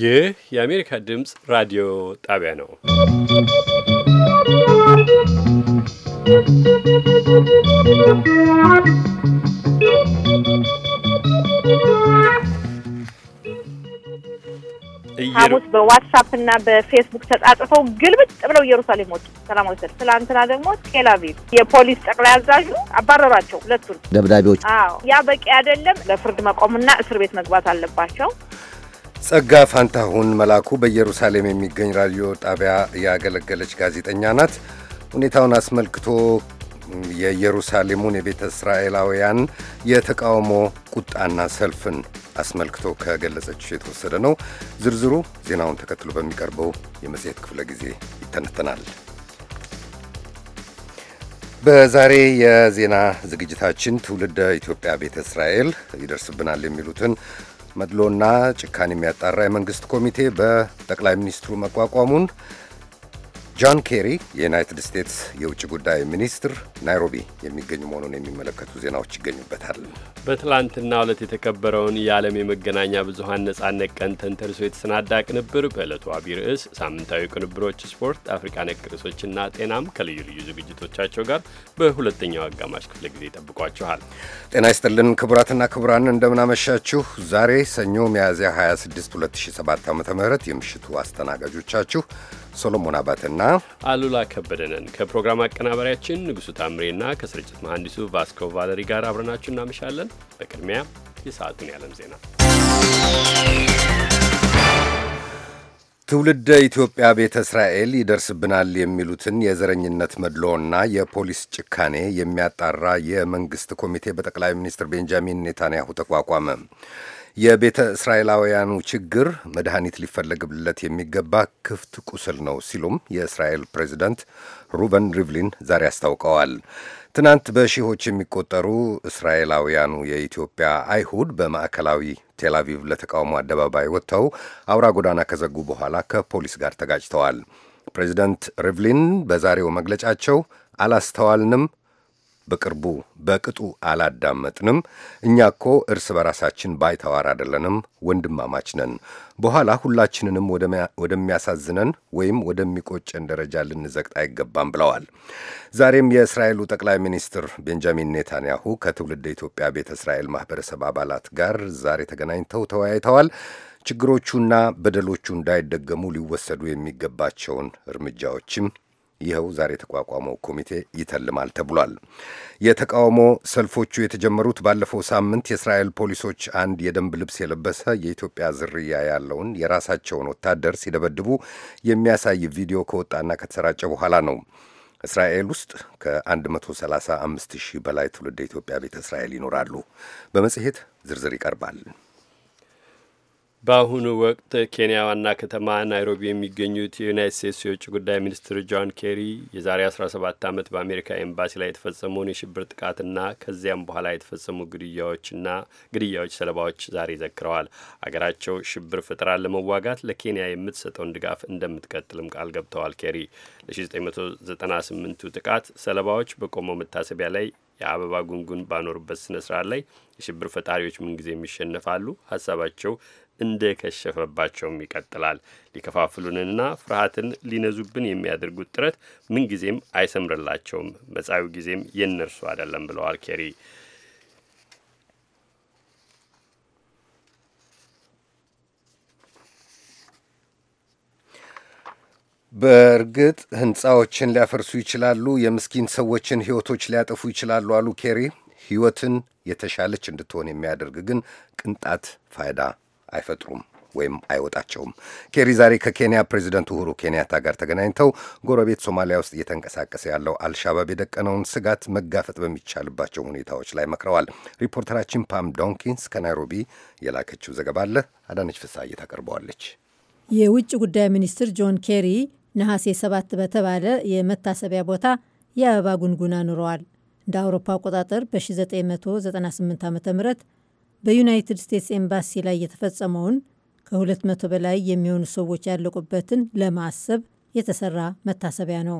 ይህ የአሜሪካ ድምፅ ራዲዮ ጣቢያ ነው። ሐሙስ በዋትሳፕ እና በፌስቡክ ተጻጽፈው ግልብጥ ብለው ኢየሩሳሌም ወጡ። ሰላማዊ ሰልፍ ትላንትና ደግሞ ቴላቪቭ የፖሊስ ጠቅላይ አዛዡ አባረሯቸው ሁለቱን ደብዳቤዎች። ያ በቂ አይደለም። ለፍርድ መቆምና እስር ቤት መግባት አለባቸው። ጸጋ ፋንታሁን መላኩ በኢየሩሳሌም የሚገኝ ራዲዮ ጣቢያ ያገለገለች ጋዜጠኛ ናት። ሁኔታውን አስመልክቶ የኢየሩሳሌሙን የቤተ እስራኤላውያን የተቃውሞ ቁጣና ሰልፍን አስመልክቶ ከገለጸች የተወሰደ ነው። ዝርዝሩ ዜናውን ተከትሎ በሚቀርበው የመጽሔት ክፍለ ጊዜ ይተነተናል። በዛሬ የዜና ዝግጅታችን ትውልደ ኢትዮጵያ ቤተ እስራኤል ይደርስብናል የሚሉትን መድሎና ጭካን የሚያጣራ የመንግስት ኮሚቴ በጠቅላይ ሚኒስትሩ መቋቋሙን ጆን ኬሪ የዩናይትድ ስቴትስ የውጭ ጉዳይ ሚኒስትር ናይሮቢ የሚገኙ መሆኑን የሚመለከቱ ዜናዎች ይገኙበታል። በትላንትና ዕለት የተከበረውን የዓለም የመገናኛ ብዙኃን ነጻነት ቀን ተንተርሶ የተሰናዳ ቅንብር በዕለቱ አቢይ ርዕስ ሳምንታዊ ቅንብሮች፣ ስፖርት፣ አፍሪካ ነክ ርዕሶችና ጤናም ከልዩ ልዩ ዝግጅቶቻቸው ጋር በሁለተኛው አጋማሽ ክፍለ ጊዜ ይጠብቋችኋል። ጤና ይስጥልን ክቡራትና ክቡራን እንደምናመሻችሁ። ዛሬ ሰኞ ሚያዝያ 26 2007 ዓ ም የምሽቱ አስተናጋጆቻችሁ ሶሎሞን አባተና አሉላ ከበደነን ከፕሮግራም አቀናባሪያችን ንጉሱ ታምሬና ከስርጭት መሐንዲሱ ቫስኮ ቫለሪ ጋር አብረናችሁ እናመሻለን። በቅድሚያ የሰዓቱን ያለም ዜና ትውልደ ኢትዮጵያ ቤተ እስራኤል ይደርስብናል የሚሉትን የዘረኝነት መድሎና የፖሊስ ጭካኔ የሚያጣራ የመንግሥት ኮሚቴ በጠቅላይ ሚኒስትር ቤንጃሚን ኔታንያሁ ተቋቋመ። የቤተ እስራኤላውያኑ ችግር መድኃኒት ሊፈለግብለት የሚገባ ክፍት ቁስል ነው ሲሉም የእስራኤል ፕሬዚደንት ሩበን ሪቭሊን ዛሬ አስታውቀዋል። ትናንት በሺዎች የሚቆጠሩ እስራኤላውያኑ የኢትዮጵያ አይሁድ በማዕከላዊ ቴላቪቭ ለተቃውሞ አደባባይ ወጥተው አውራ ጎዳና ከዘጉ በኋላ ከፖሊስ ጋር ተጋጭተዋል። ፕሬዚደንት ሪቭሊን በዛሬው መግለጫቸው አላስተዋልንም፣ በቅርቡ በቅጡ አላዳመጥንም። እኛ እኮ እርስ በራሳችን ባይተዋር አይደለንም፣ ወንድማማች ነን። በኋላ ሁላችንንም ወደሚያሳዝነን ወይም ወደሚቆጨን ደረጃ ልንዘቅጥ አይገባም ብለዋል። ዛሬም የእስራኤሉ ጠቅላይ ሚኒስትር ቤንጃሚን ኔታንያሁ ከትውልድ ኢትዮጵያ ቤተ እስራኤል ማህበረሰብ አባላት ጋር ዛሬ ተገናኝተው ተወያይተዋል። ችግሮቹና በደሎቹ እንዳይደገሙ ሊወሰዱ የሚገባቸውን እርምጃዎችም ይኸው ዛሬ የተቋቋመው ኮሚቴ ይተልማል ተብሏል። የተቃውሞ ሰልፎቹ የተጀመሩት ባለፈው ሳምንት የእስራኤል ፖሊሶች አንድ የደንብ ልብስ የለበሰ የኢትዮጵያ ዝርያ ያለውን የራሳቸውን ወታደር ሲደበድቡ የሚያሳይ ቪዲዮ ከወጣና ከተሰራጨ በኋላ ነው። እስራኤል ውስጥ ከ135 ሺህ በላይ ትውልደ ኢትዮጵያ ቤተ እስራኤል ይኖራሉ። በመጽሔት ዝርዝር ይቀርባል። በአሁኑ ወቅት ኬንያ ዋና ከተማ ናይሮቢ የሚገኙት የዩናይት ስቴትስ የውጭ ጉዳይ ሚኒስትር ጆን ኬሪ የዛሬ 17 ዓመት በአሜሪካ ኤምባሲ ላይ የተፈጸመውን የሽብር ጥቃትና ከዚያም በኋላ የተፈጸሙ ግድያዎችና ግድያዎች ሰለባዎች ዛሬ ዘክረዋል። አገራቸው ሽብር ፍጠራን ለመዋጋት ለኬንያ የምትሰጠውን ድጋፍ እንደምትቀጥልም ቃል ገብተዋል። ኬሪ ለ1998ቱ ጥቃት ሰለባዎች በቆመው መታሰቢያ ላይ የአበባ ጉንጉን ባኖሩበት ስነ ስርዓት ላይ የሽብር ፈጣሪዎች ምንጊዜ ይሸነፋሉ፣ ሀሳባቸው እንደከሸፈባቸውም ይቀጥላል። ሊከፋፍሉንና ፍርሃትን ሊነዙብን የሚያደርጉት ጥረት ምንጊዜም አይሰምርላቸውም። መጻዩ ጊዜም የእነርሱ አይደለም ብለዋል ኬሪ። በእርግጥ ህንፃዎችን ሊያፈርሱ ይችላሉ፣ የምስኪን ሰዎችን ህይወቶች ሊያጠፉ ይችላሉ አሉ ኬሪ። ህይወትን የተሻለች እንድትሆን የሚያደርግ ግን ቅንጣት ፋይዳ አይፈጥሩም ወይም አይወጣቸውም። ኬሪ ዛሬ ከኬንያ ፕሬዚደንት ኡሁሩ ኬንያታ ጋር ተገናኝተው ጎረቤት ሶማሊያ ውስጥ እየተንቀሳቀሰ ያለው አልሻባብ የደቀነውን ስጋት መጋፈጥ በሚቻልባቸው ሁኔታዎች ላይ መክረዋል። ሪፖርተራችን ፓም ዶንኪንስ ከናይሮቢ የላከችው ዘገባ አለ። አዳነች ፍስሐዬ ታቀርበዋለች። የውጭ ጉዳይ ሚኒስትር ጆን ኬሪ ነሐሴ ሰባት በተባለ የመታሰቢያ ቦታ የአበባ ጉንጉን አኑረዋል። እንደ አውሮፓ አቆጣጠር በ1998 ዓ ም በዩናይትድ ስቴትስ ኤምባሲ ላይ የተፈጸመውን ከ200 በላይ የሚሆኑ ሰዎች ያለቁበትን ለማሰብ የተሰራ መታሰቢያ ነው።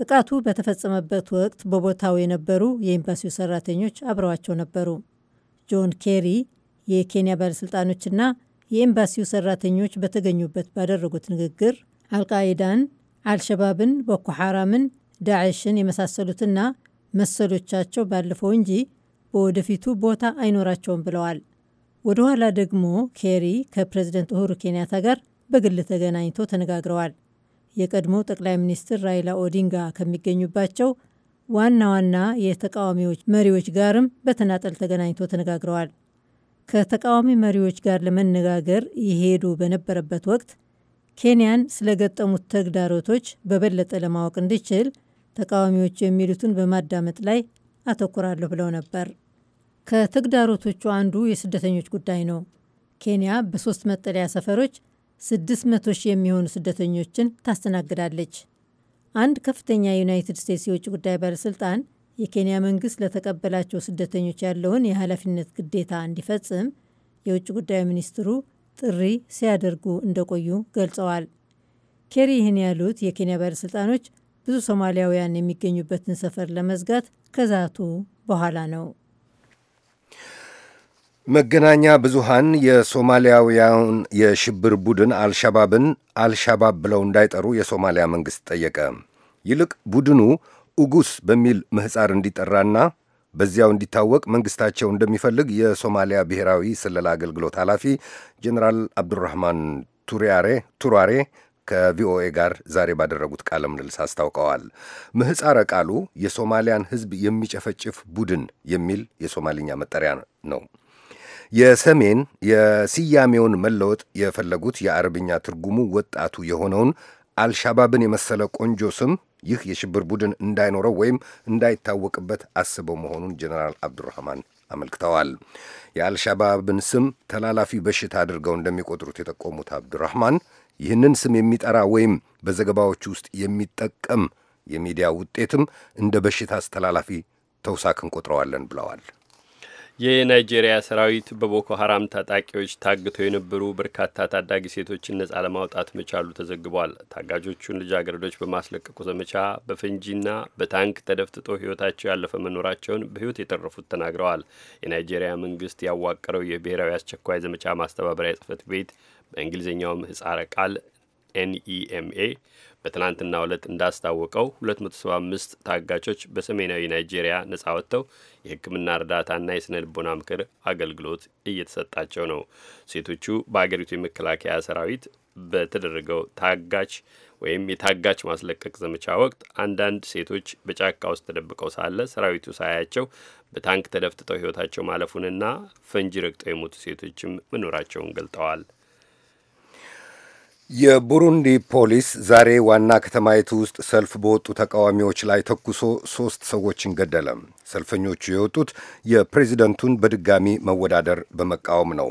ጥቃቱ በተፈጸመበት ወቅት በቦታው የነበሩ የኤምባሲው ሰራተኞች አብረዋቸው ነበሩ። ጆን ኬሪ የኬንያ ባለሥልጣኖችና የኤምባሲው ሰራተኞች በተገኙበት ባደረጉት ንግግር አልቃይዳን፣ አልሸባብን፣ ቦኮ ሐራምን፣ ዳዕሽን የመሳሰሉትና መሰሎቻቸው ባለፈው እንጂ በወደፊቱ ቦታ አይኖራቸውም ብለዋል። ወደ ኋላ ደግሞ ኬሪ ከፕሬዝደንት ኡሁሩ ኬንያታ ጋር በግል ተገናኝቶ ተነጋግረዋል። የቀድሞ ጠቅላይ ሚኒስትር ራይላ ኦዲንጋ ከሚገኙባቸው ዋና ዋና የተቃዋሚዎች መሪዎች ጋርም በተናጠል ተገናኝቶ ተነጋግረዋል። ከተቃዋሚ መሪዎች ጋር ለመነጋገር ይሄዱ በነበረበት ወቅት ኬንያን ስለገጠሙት ተግዳሮቶች በበለጠ ለማወቅ እንዲችል ተቃዋሚዎች የሚሉትን በማዳመጥ ላይ አተኩራለሁ ብለው ነበር። ከተግዳሮቶቹ አንዱ የስደተኞች ጉዳይ ነው። ኬንያ በሶስት መጠለያ ሰፈሮች 600 ሺህ የሚሆኑ ስደተኞችን ታስተናግዳለች። አንድ ከፍተኛ የዩናይትድ ስቴትስ የውጭ ጉዳይ ባለሥልጣን የኬንያ መንግሥት ለተቀበላቸው ስደተኞች ያለውን የኃላፊነት ግዴታ እንዲፈጽም የውጭ ጉዳይ ሚኒስትሩ ጥሪ ሲያደርጉ እንደቆዩ ገልጸዋል። ኬሪ ይህን ያሉት የኬንያ ባለሥልጣኖች ብዙ ሶማሊያውያን የሚገኙበትን ሰፈር ለመዝጋት ከዛቱ በኋላ ነው። መገናኛ ብዙሃን የሶማሊያውያን የሽብር ቡድን አልሻባብን አልሻባብ ብለው እንዳይጠሩ የሶማሊያ መንግሥት ጠየቀ። ይልቅ ቡድኑ ኡጉስ በሚል ምሕፃር እንዲጠራና በዚያው እንዲታወቅ መንግሥታቸው እንደሚፈልግ የሶማሊያ ብሔራዊ ስለላ አገልግሎት ኃላፊ ጀኔራል አብዱራህማን ቱሯሬ ከቪኦኤ ጋር ዛሬ ባደረጉት ቃለ ምልልስ አስታውቀዋል። ምህፃረ ቃሉ የሶማሊያን ሕዝብ የሚጨፈጭፍ ቡድን የሚል የሶማሊኛ መጠሪያ ነው። የሰሜን የስያሜውን መለወጥ የፈለጉት የአረብኛ ትርጉሙ ወጣቱ የሆነውን አልሻባብን የመሰለ ቆንጆ ስም ይህ የሽብር ቡድን እንዳይኖረው ወይም እንዳይታወቅበት አስበው መሆኑን ጀነራል አብዱራህማን አመልክተዋል። የአልሻባብን ስም ተላላፊ በሽታ አድርገው እንደሚቆጥሩት የጠቆሙት አብዱራህማን ይህንን ስም የሚጠራ ወይም በዘገባዎች ውስጥ የሚጠቀም የሚዲያ ውጤትም እንደ በሽታ አስተላላፊ ተውሳክን ቆጥረዋለን ብለዋል። የናይጄሪያ ሰራዊት በቦኮ ሀራም ታጣቂዎች ታግተው የነበሩ በርካታ ታዳጊ ሴቶችን ነጻ ለማውጣት መቻሉ ተዘግቧል። ታጋጆቹን ልጃገረዶች በማስለቀቁ ዘመቻ በፈንጂና በታንክ ተደፍትጦ ሕይወታቸው ያለፈ መኖራቸውን በሕይወት የተረፉት ተናግረዋል። የናይጄሪያ መንግስት ያዋቀረው የብሔራዊ አስቸኳይ ዘመቻ ማስተባበሪያ ጽህፈት ቤት በእንግሊዝኛውም ምህጻረ ቃል ኤንኢኤምኤ በትናንትና ዕለት እንዳስታወቀው 275 ታጋቾች በሰሜናዊ ናይጄሪያ ነጻ ወጥተው የሕክምና እርዳታና የስነ ልቦና ምክር አገልግሎት እየተሰጣቸው ነው። ሴቶቹ በአገሪቱ የመከላከያ ሰራዊት በተደረገው ታጋች ወይም የታጋች ማስለቀቅ ዘመቻ ወቅት አንዳንድ ሴቶች በጫካ ውስጥ ተደብቀው ሳለ ሰራዊቱ ሳያቸው በታንክ ተደፍትጠው ሕይወታቸው ማለፉንና ፈንጂ ረግጠው የሞቱ ሴቶችም መኖራቸውን ገልጠዋል። የቡሩንዲ ፖሊስ ዛሬ ዋና ከተማይቱ ውስጥ ሰልፍ በወጡ ተቃዋሚዎች ላይ ተኩሶ ሦስት ሰዎችን ገደለ። ሰልፈኞቹ የወጡት የፕሬዚደንቱን በድጋሚ መወዳደር በመቃወም ነው።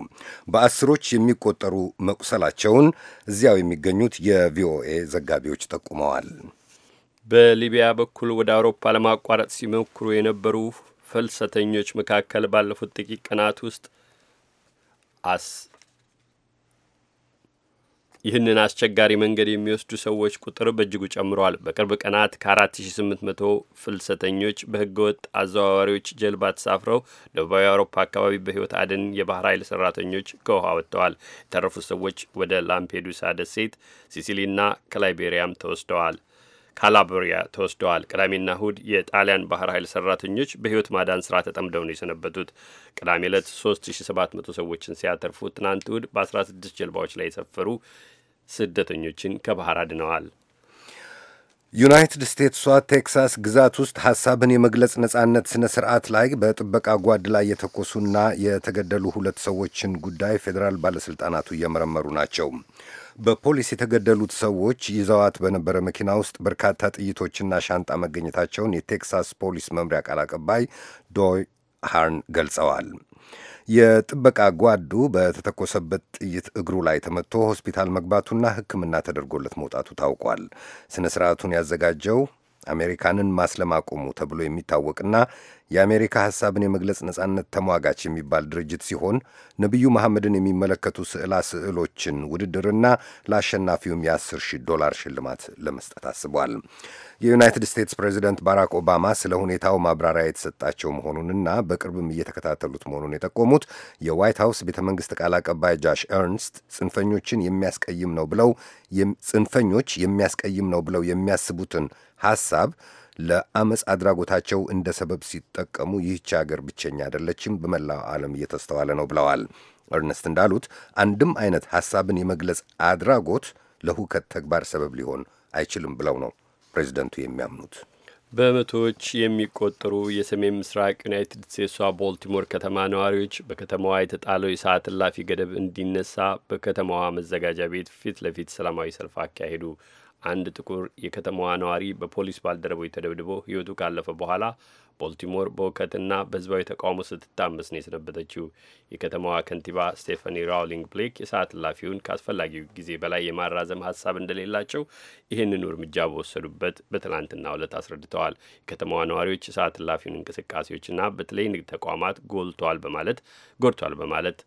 በአስሮች የሚቆጠሩ መቁሰላቸውን እዚያው የሚገኙት የቪኦኤ ዘጋቢዎች ጠቁመዋል። በሊቢያ በኩል ወደ አውሮፓ ለማቋረጥ ሲሞክሩ የነበሩ ፍልሰተኞች መካከል ባለፉት ጥቂት ቀናት ውስጥ ይህንን አስቸጋሪ መንገድ የሚወስዱ ሰዎች ቁጥር በእጅጉ ጨምረዋል። በቅርብ ቀናት ከ4800 ፍልሰተኞች በህገወጥ አዘዋዋሪዎች ጀልባ ተሳፍረው ደቡባዊ አውሮፓ አካባቢ በህይወት አድን የባህር ኃይል ሰራተኞች ከውሃ ወጥተዋል። የተረፉት ሰዎች ወደ ላምፔዱሳ ደሴት፣ ሲሲሊና ከላይቤሪያም ተወስደዋል ካላብሪያ ተወስደዋል። ቅዳሜና እሁድ የጣሊያን ባህር ኃይል ሰራተኞች በህይወት ማዳን ስራ ተጠምደው ነው የሰነበቱት። ቅዳሜ ዕለት 3700 ሰዎችን ሲያተርፉ ትናንት እሁድ በ16 ጀልባዎች ላይ የሰፈሩ ስደተኞችን ከባህር አድነዋል። ዩናይትድ ስቴትሷ ቴክሳስ ግዛት ውስጥ ሐሳብን የመግለጽ ነጻነት ሥነ ሥርዓት ላይ በጥበቃ ጓድ ላይ የተኮሱና የተገደሉ ሁለት ሰዎችን ጉዳይ ፌዴራል ባለሥልጣናቱ እየመረመሩ ናቸው። በፖሊስ የተገደሉት ሰዎች ይዘዋት በነበረ መኪና ውስጥ በርካታ ጥይቶችና ሻንጣ መገኘታቸውን የቴክሳስ ፖሊስ መምሪያ ቃል አቀባይ ዶይ ሃርን ገልጸዋል። የጥበቃ ጓዱ በተተኮሰበት ጥይት እግሩ ላይ ተመትቶ ሆስፒታል መግባቱና ሕክምና ተደርጎለት መውጣቱ ታውቋል። ስነ ስርዓቱን ያዘጋጀው አሜሪካንን ማስለማቆሙ ተብሎ የሚታወቅና የአሜሪካ ሐሳብን የመግለጽ ነጻነት ተሟጋች የሚባል ድርጅት ሲሆን ነቢዩ መሐመድን የሚመለከቱ ስዕላ ስዕሎችን ውድድርና ለአሸናፊውም የ10 ሺህ ዶላር ሽልማት ለመስጠት አስቧል። የዩናይትድ ስቴትስ ፕሬዚደንት ባራክ ኦባማ ስለ ሁኔታው ማብራሪያ የተሰጣቸው መሆኑንና በቅርብም እየተከታተሉት መሆኑን የጠቆሙት የዋይት ሀውስ ቤተ መንግሥት ቃል አቀባይ ጃሽ ኤርንስት ጽንፈኞችን የሚያስቀይም ነው ብለው ጽንፈኞች የሚያስቀይም ነው ብለው የሚያስቡትን ሐሳብ ለአመፅ አድራጎታቸው እንደ ሰበብ ሲጠቀሙ ይህች ሀገር ብቸኛ አይደለችም፣ በመላው ዓለም እየተስተዋለ ነው ብለዋል። እርነስት እንዳሉት አንድም አይነት ሐሳብን የመግለጽ አድራጎት ለሁከት ተግባር ሰበብ ሊሆን አይችልም ብለው ነው ፕሬዚደንቱ የሚያምኑት። በመቶዎች የሚቆጠሩ የሰሜን ምስራቅ ዩናይትድ ስቴትሷ ቦልቲሞር ከተማ ነዋሪዎች በከተማዋ የተጣለው የሰዓት እላፊ ገደብ እንዲነሳ በከተማዋ መዘጋጃ ቤት ፊት ለፊት ሰላማዊ ሰልፍ አካሄዱ። አንድ ጥቁር የከተማዋ ነዋሪ በፖሊስ ባልደረቦች ተደብድቦ ሕይወቱ ካለፈ በኋላ ቦልቲሞር በውከትና በህዝባዊ ተቃውሞ ስትታመስ ነው የሰነበተችው። የከተማዋ ከንቲባ ስቴፈኒ ራውሊንግ ብሌክ የሰዓት እላፊውን ከአስፈላጊው ጊዜ በላይ የማራዘም ሀሳብ እንደሌላቸው ይህንኑ እርምጃ በወሰዱበት በትላንትና ዕለት አስረድተዋል። የከተማዋ ነዋሪዎች የሰዓት እላፊውን እንቅስቃሴዎችና በተለይ ንግድ ተቋማት ጎልቷል በማለት ጎድቷል በማለት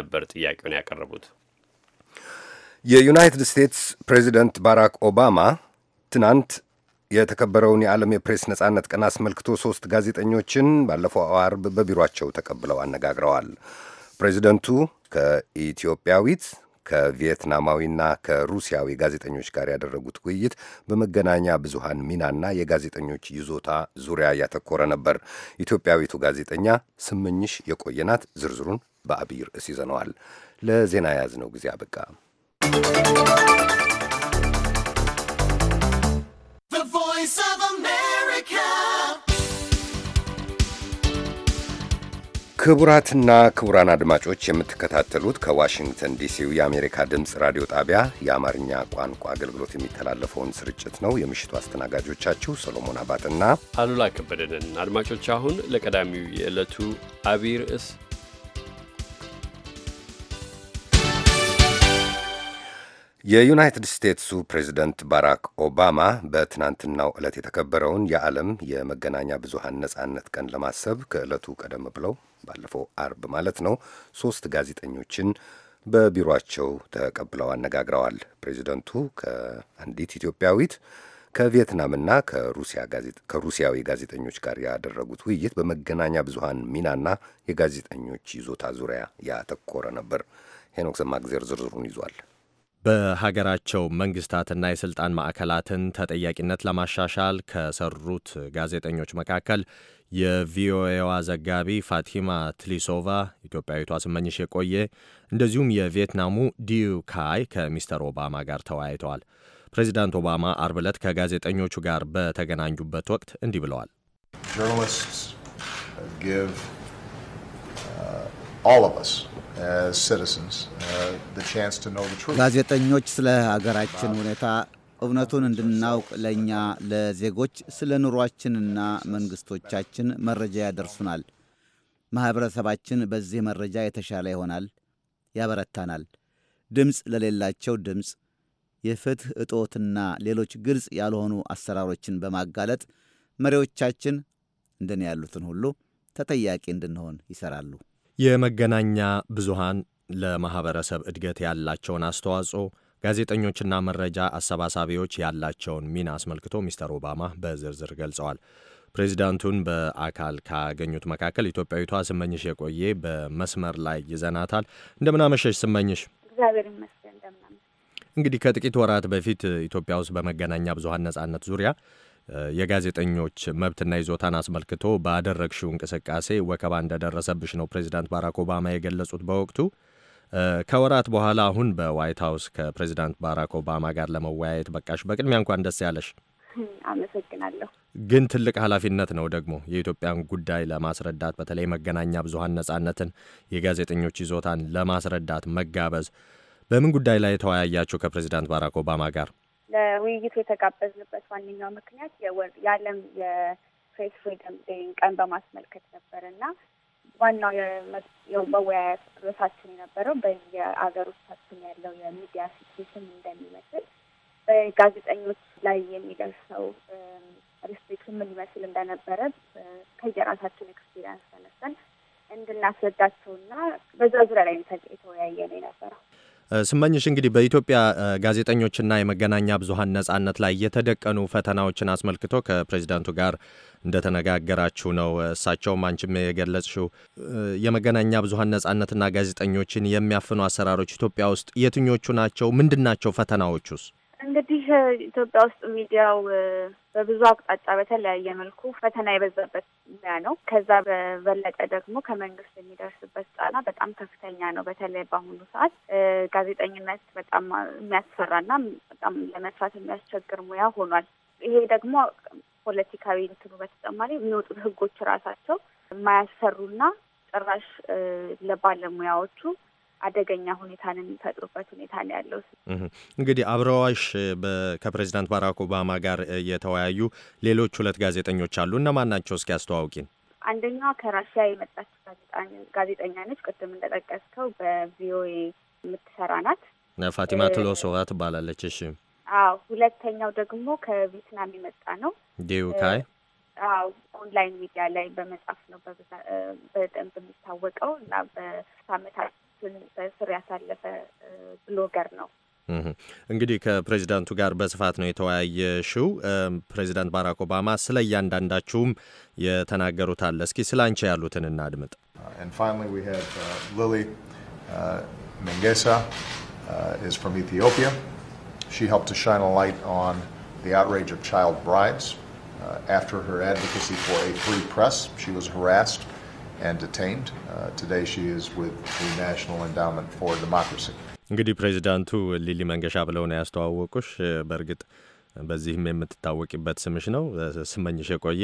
ነበር ጥያቄውን ያቀረቡት። የዩናይትድ ስቴትስ ፕሬዚደንት ባራክ ኦባማ ትናንት የተከበረውን የዓለም የፕሬስ ነጻነት ቀን አስመልክቶ ሦስት ጋዜጠኞችን ባለፈው አርብ በቢሯቸው ተቀብለው አነጋግረዋል። ፕሬዚደንቱ ከኢትዮጵያዊት ከቪየትናማዊና ከሩሲያዊ ጋዜጠኞች ጋር ያደረጉት ውይይት በመገናኛ ብዙሃን ሚናና የጋዜጠኞች ይዞታ ዙሪያ ያተኮረ ነበር። ኢትዮጵያዊቱ ጋዜጠኛ ስመኝሽ የቆየናት ዝርዝሩን በአብይ ርዕስ ይዘነዋል። ለዜና የያዝነው ጊዜ አበቃ። ክቡራትና ክቡራን አድማጮች የምትከታተሉት ከዋሽንግተን ዲሲው የአሜሪካ ድምፅ ራዲዮ ጣቢያ የአማርኛ ቋንቋ አገልግሎት የሚተላለፈውን ስርጭት ነው። የምሽቱ አስተናጋጆቻችሁ ሰሎሞን አባትና አሉላ ከበደንን። አድማጮች አሁን ለቀዳሚው የዕለቱ አብይ ርዕስ የዩናይትድ ስቴትሱ ፕሬዚደንት ባራክ ኦባማ በትናንትናው ዕለት የተከበረውን የዓለም የመገናኛ ብዙሃን ነጻነት ቀን ለማሰብ ከዕለቱ ቀደም ብለው ባለፈው አርብ ማለት ነው ሶስት ጋዜጠኞችን በቢሮቸው ተቀብለው አነጋግረዋል። ፕሬዚደንቱ ከአንዲት ኢትዮጵያዊት ከቪየትናምና ከሩሲያዊ ጋዜጠኞች ጋር ያደረጉት ውይይት በመገናኛ ብዙሃን ሚናና የጋዜጠኞች ይዞታ ዙሪያ ያተኮረ ነበር። ሄኖክ ሰማግዜር ዝርዝሩን ይዟል። በሀገራቸው መንግስታትና የስልጣን ማዕከላትን ተጠያቂነት ለማሻሻል ከሰሩት ጋዜጠኞች መካከል የቪኦኤዋ ዘጋቢ ፋቲማ ትሊሶቫ፣ ኢትዮጵያዊቷ ስመኝሽ የቆየ እንደዚሁም የቪየትናሙ ዲዩ ካይ ከሚስተር ኦባማ ጋር ተወያይተዋል። ፕሬዚዳንት ኦባማ አርብ ዕለት ከጋዜጠኞቹ ጋር በተገናኙበት ወቅት እንዲህ ብለዋል። ጋዜጠኞች ስለ ሀገራችን ሁኔታ እውነቱን እንድናውቅ ለእኛ ለዜጎች ስለ ኑሯችንና መንግሥቶቻችን መረጃ ያደርሱናል። ማኅበረሰባችን በዚህ መረጃ የተሻለ ይሆናል፣ ያበረታናል። ድምፅ ለሌላቸው ድምፅ፣ የፍትህ እጦትና ሌሎች ግልጽ ያልሆኑ አሰራሮችን በማጋለጥ መሪዎቻችን እንደኔ ያሉትን ሁሉ ተጠያቂ እንድንሆን ይሰራሉ። የመገናኛ ብዙሃን ለማህበረሰብ እድገት ያላቸውን አስተዋጽኦ፣ ጋዜጠኞችና መረጃ አሰባሳቢዎች ያላቸውን ሚና አስመልክቶ ሚስተር ኦባማ በዝርዝር ገልጸዋል። ፕሬዚዳንቱን በአካል ካገኙት መካከል ኢትዮጵያዊቷ ስመኝሽ የቆየ በመስመር ላይ ይዘናታል። እንደምናመሸሽ ስመኝሽ። እንግዲህ ከጥቂት ወራት በፊት ኢትዮጵያ ውስጥ በመገናኛ ብዙሀን ነጻነት ዙሪያ የጋዜጠኞች መብትና ይዞታን አስመልክቶ ባደረግሽው እንቅስቃሴ ወከባ እንደደረሰብሽ ነው ፕሬዚዳንት ባራክ ኦባማ የገለጹት በወቅቱ። ከወራት በኋላ አሁን በዋይት ሀውስ ከፕሬዚዳንት ባራክ ኦባማ ጋር ለመወያየት በቃሽ። በቅድሚያ እንኳን ደስ ያለሽ። አመሰግናለሁ። ግን ትልቅ ኃላፊነት ነው ደግሞ የኢትዮጵያን ጉዳይ ለማስረዳት በተለይ መገናኛ ብዙሀን ነጻነትን፣ የጋዜጠኞች ይዞታን ለማስረዳት መጋበዝ። በምን ጉዳይ ላይ ተወያያችሁ ከፕሬዚዳንት ባራክ ኦባማ ጋር? ለውይይቱ የተጋበዝንበት ዋነኛው ምክንያት የዓለም የፕሬስ ፍሪደም ዴይን ቀን በማስመልከት ነበር እና ዋናው የመወያያ ርዕሳችን የነበረው በየአገር ውስጣችን ያለው የሚዲያ ሲትዌሽን እንደሚመስል በጋዜጠኞች ላይ የሚደርሰው ሪስትሪክሽን ምን ይመስል እንደነበረ ከየራሳችን ኤክስፒሪንስ ተነስተን እንድናስረዳቸውና በዛ ዙሪያ ላይ የተወያየ ነው የነበረው። ስመኝሽ እንግዲህ በኢትዮጵያ ጋዜጠኞችና የመገናኛ ብዙሀን ነጻነት ላይ የተደቀኑ ፈተናዎችን አስመልክቶ ከፕሬዚዳንቱ ጋር እንደተነጋገራችሁ ነው እሳቸውም አንቺም የገለጽሽው። የመገናኛ ብዙሀን ነጻነትና ጋዜጠኞችን የሚያፍኑ አሰራሮች ኢትዮጵያ ውስጥ የትኞቹ ናቸው? ምንድን ናቸው ፈተናዎቹስ? እንግዲህ ኢትዮጵያ ውስጥ ሚዲያው በብዙ አቅጣጫ በተለያየ መልኩ ፈተና የበዛበት ሙያ ነው። ከዛ በበለጠ ደግሞ ከመንግስት የሚደርስበት ጫና በጣም ከፍተኛ ነው። በተለይ በአሁኑ ሰዓት ጋዜጠኝነት በጣም የሚያስፈራና በጣም ለመስራት የሚያስቸግር ሙያ ሆኗል። ይሄ ደግሞ ፖለቲካዊ እንትኑ በተጨማሪ የሚወጡት ህጎች ራሳቸው የማያሰሩና ጭራሽ ለባለሙያዎቹ አደገኛ ሁኔታን የሚፈጥሩበት ሁኔታ ነው ያለው። እንግዲህ አብረዋሽ ከፕሬዚዳንት ባራክ ኦባማ ጋር የተወያዩ ሌሎች ሁለት ጋዜጠኞች አሉ። እነማን ናቸው? እስኪ አስተዋውቂን። አንደኛዋ ከራሽያ የመጣች ጋዜጠኛ ነች። ቅድም እንደጠቀስከው በቪኦኤ የምትሰራ ናት። ፋቲማ ትሎሶዋ ትባላለች። እሺ። አዎ። ሁለተኛው ደግሞ ከቪየትናም የመጣ ነው። ዲዩካይ ኦንላይን ሚዲያ ላይ በመጻፍ ነው በደንብ የሚታወቀው እና በሳምንታት ራሱን በእስር ያሳለፈ ብሎገር ነው። እንግዲህ ከፕሬዚዳንቱ ጋር በስፋት ነው የተወያየሽው። ፕሬዚዳንት ባራክ ኦባማ ስለ እያንዳንዳችሁም የተናገሩት አለ። እስኪ ስለ አንቺ ያሉትን እናድምጥ። ሊሊ and detained. Uh, today she is with the National Endowment for Democracy. እንግዲህ ፕሬዚዳንቱ ሊሊ መንገሻ ብለው ነው ያስተዋወቁሽ። በእርግጥ በዚህም የምትታወቂበት ስምሽ ነው ስመኝሽ የቆየ።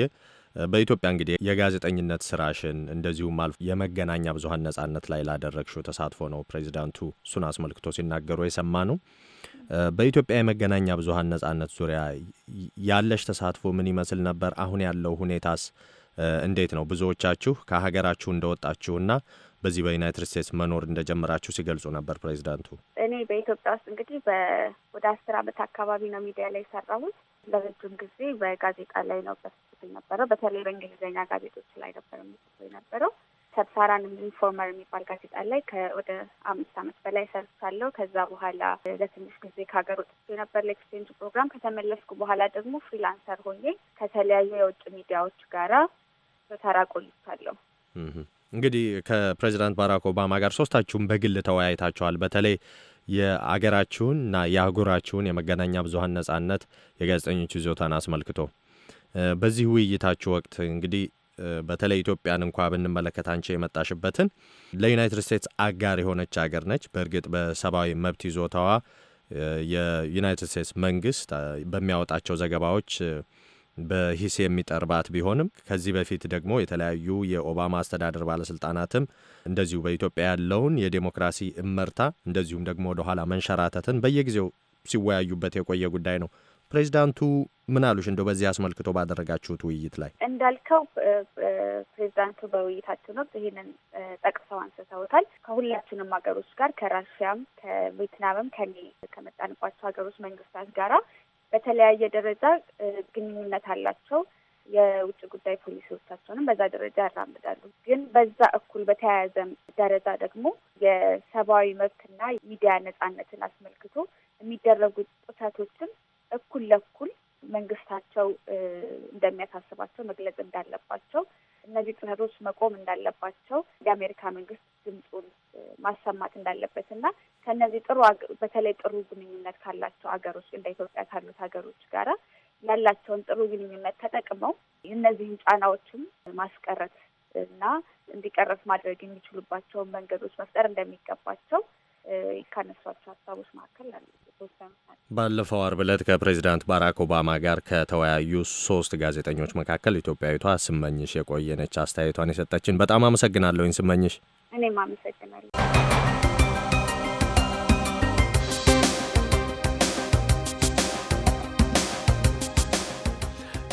በኢትዮጵያ እንግዲህ የጋዜጠኝነት ስራሽን እንደዚሁም አልፎ የመገናኛ ብዙሀን ነጻነት ላይ ላደረግሽው ተሳትፎ ነው ፕሬዚዳንቱ እሱን አስመልክቶ ሲናገሩ የሰማ ነው። በኢትዮጵያ የመገናኛ ብዙሀን ነጻነት ዙሪያ ያለሽ ተሳትፎ ምን ይመስል ነበር? አሁን ያለው ሁኔታስ እንዴት ነው ብዙዎቻችሁ ከሀገራችሁ እንደወጣችሁና በዚህ በዩናይትድ ስቴትስ መኖር እንደጀመራችሁ ሲገልጹ ነበር ፕሬዚዳንቱ። እኔ በኢትዮጵያ ውስጥ እንግዲህ ወደ አስር አመት አካባቢ ነው ሚዲያ ላይ የሰራሁት። ለረጅም ጊዜ በጋዜጣ ላይ ነው በስት ነበረው። በተለይ በእንግሊዝኛ ጋዜጦች ላይ ነበር የምጽፍ የነበረው። ሰብሳራን ኢንፎርመር የሚባል ጋዜጣ ላይ ወደ አምስት አመት በላይ ሰርቻለሁ። ከዛ በኋላ ለትንሽ ጊዜ ከሀገር ወጥቼ ነበር ለኤክስቼንጅ ፕሮግራም። ከተመለስኩ በኋላ ደግሞ ፍሪላንሰር ሆኜ ከተለያዩ የውጭ ሚዲያዎች ጋራ በተራ ቆይቻለሁ። እንግዲህ ከፕሬዚዳንት ባራክ ኦባማ ጋር ሶስታችሁም በግል ተወያይታችኋል። በተለይ እና የአህጉራችሁን የመገናኛ ብዙሀን ነጻነት፣ የጋዜጠኞች ይዞታን አስመልክቶ በዚህ ውይይታችሁ ወቅት እንግዲህ በተለይ ኢትዮጵያን እንኳ ብንመለከት አንቺ የመጣሽበትን ለዩናይትድ ስቴትስ አጋር የሆነች ሀገር ነች። በእርግጥ በሰብአዊ መብት ይዞታዋ የዩናይትድ ስቴትስ መንግስት በሚያወጣቸው ዘገባዎች በሂስ የሚጠርባት ቢሆንም ከዚህ በፊት ደግሞ የተለያዩ የኦባማ አስተዳደር ባለስልጣናትም እንደዚሁ በኢትዮጵያ ያለውን የዴሞክራሲ እመርታ እንደዚሁም ደግሞ ወደኋላ መንሸራተትን በየጊዜው ሲወያዩበት የቆየ ጉዳይ ነው። ፕሬዚዳንቱ ምን አሉሽ? እንደው በዚህ አስመልክቶ ባደረጋችሁት ውይይት ላይ እንዳልከው ፕሬዚዳንቱ በውይይታችን ወቅት ይህንን ጠቅሰው አንስተውታል። ከሁላችንም ሀገሮች ጋር ከራሽያም፣ ከቬትናምም ከኔ ከመጣንባቸው ሀገሮች መንግስታት ጋራ በተለያየ ደረጃ ግንኙነት አላቸው። የውጭ ጉዳይ ፖሊሲዎቻቸውንም በዛ ደረጃ ያራምዳሉ። ግን በዛ እኩል በተያያዘ ደረጃ ደግሞ የሰብአዊ መብትና ሚዲያ ነጻነትን አስመልክቶ የሚደረጉ ጥሰቶችም እኩል ለእኩል መንግስታቸው እንደሚያሳስባቸው መግለጽ እንዳለባቸው፣ እነዚህ ጥሰቶች መቆም እንዳለባቸው የአሜሪካ መንግስት ድምፁን ማሰማት እንዳለበት እና ከእነዚህ ጥሩ በተለይ ጥሩ ግንኙነት ካላቸው ሀገሮች እንደ ኢትዮጵያ ካሉት ሀገሮች ጋር ያላቸውን ጥሩ ግንኙነት ተጠቅመው እነዚህን ጫናዎችም ማስቀረት እና እንዲቀረፍ ማድረግ የሚችሉባቸውን መንገዶች መፍጠር እንደሚገባቸው ካነሷቸው ሀሳቦች መካከል አሉ። ባለፈው አርብ ዕለት ከፕሬዚዳንት ባራክ ኦባማ ጋር ከተወያዩ ሶስት ጋዜጠኞች መካከል ኢትዮጵያዊቷ ስመኝሽ የቆየነች አስተያየቷን የሰጠችን። በጣም አመሰግናለሁኝ ስመኝሽ። እኔም አመሰግናለሁ።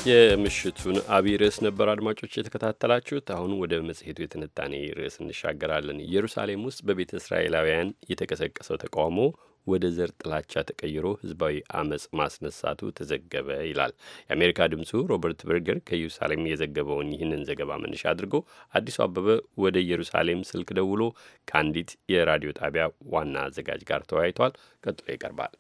የምሽቱን አብይ ርዕስ ነበር አድማጮች የተከታተላችሁት። አሁን ወደ መጽሔቱ የትንታኔ ርዕስ እንሻገራለን። ኢየሩሳሌም ውስጥ በቤተ እስራኤላውያን የተቀሰቀሰው ተቃውሞ ወደ ዘር ጥላቻ ተቀይሮ ህዝባዊ አመፅ ማስነሳቱ ተዘገበ ይላል የአሜሪካ ድምፁ ሮበርት በርገር ከኢየሩሳሌም የዘገበውን ይህንን ዘገባ መነሻ አድርጎ አዲሱ አበበ ወደ ኢየሩሳሌም ስልክ ደውሎ ከአንዲት የራዲዮ ጣቢያ ዋና አዘጋጅ ጋር ተወያይቷል። ቀጥሎ ይቀርባል።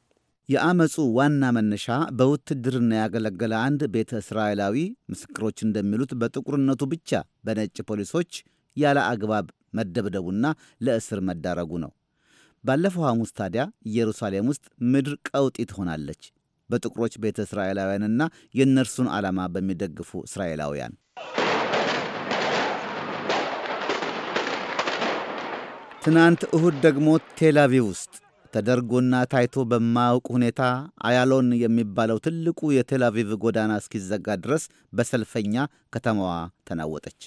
የአመፁ ዋና መነሻ በውትድርና ያገለገለ አንድ ቤተ እስራኤላዊ ምስክሮች እንደሚሉት በጥቁርነቱ ብቻ በነጭ ፖሊሶች ያለ አግባብ መደብደቡና ለእስር መዳረጉ ነው። ባለፈው ሐሙስ ታዲያ ኢየሩሳሌም ውስጥ ምድር ቀውጢ ትሆናለች በጥቁሮች ቤተ እስራኤላውያንና የእነርሱን ዓላማ በሚደግፉ እስራኤላውያን። ትናንት እሁድ ደግሞ ቴል ውስጥ ተደርጎና ታይቶ በማያውቅ ሁኔታ አያሎን የሚባለው ትልቁ የቴል አቪቭ ጎዳና እስኪዘጋ ድረስ በሰልፈኛ ከተማዋ ተናወጠች።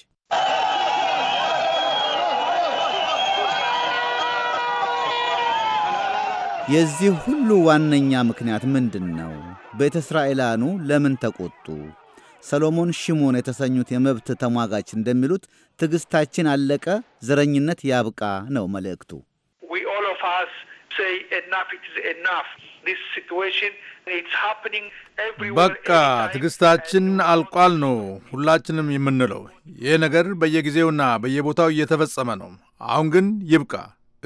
የዚህ ሁሉ ዋነኛ ምክንያት ምንድን ነው? ቤተ እስራኤላኑ ለምን ተቆጡ? ሰሎሞን ሽሞን የተሰኙት የመብት ተሟጋች እንደሚሉት ትዕግሥታችን አለቀ፣ ዘረኝነት ያብቃ ነው መልእክቱ። በቃ ትዕግስታችን አልቋል ነው ሁላችንም የምንለው። ይህ ነገር በየጊዜውና በየቦታው እየተፈጸመ ነው። አሁን ግን ይብቃ።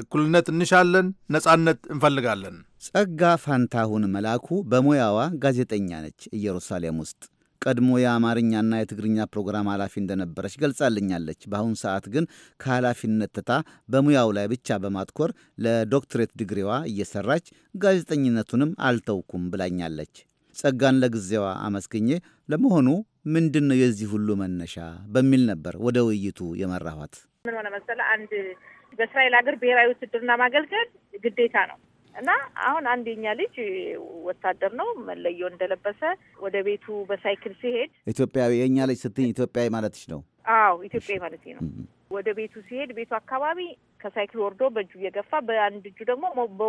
እኩልነት እንሻለን፣ ነጻነት እንፈልጋለን። ጸጋ ፋንታሁን መላኩ በሙያዋ ጋዜጠኛ ነች። ኢየሩሳሌም ውስጥ ቀድሞ የአማርኛና የትግርኛ ፕሮግራም ኃላፊ እንደነበረች ገልጻልኛለች። በአሁን ሰዓት ግን ከኃላፊነት ትታ በሙያው ላይ ብቻ በማትኮር ለዶክትሬት ዲግሪዋ እየሰራች ጋዜጠኝነቱንም አልተውኩም ብላኛለች። ጸጋን ለጊዜዋ አመስግኜ ለመሆኑ ምንድን ነው የዚህ ሁሉ መነሻ በሚል ነበር ወደ ውይይቱ የመራኋት። ምን ሆነ መሰለ፣ አንድ በእስራኤል ሀገር ብሔራዊ ውትድርና ማገልገል ግዴታ ነው። እና አሁን አንደኛ ልጅ ወታደር ነው መለየው እንደለበሰ ወደ ቤቱ በሳይክል ሲሄድ ኢትዮጵያዊ የእኛ ልጅ ስትኝ ኢትዮጵያዊ ማለትች ነው? አዎ ኢትዮጵያዊ ማለት ነው። ወደ ቤቱ ሲሄድ ቤቱ አካባቢ ከሳይክል ወርዶ በእጁ እየገፋ በአንድ እጁ ደግሞ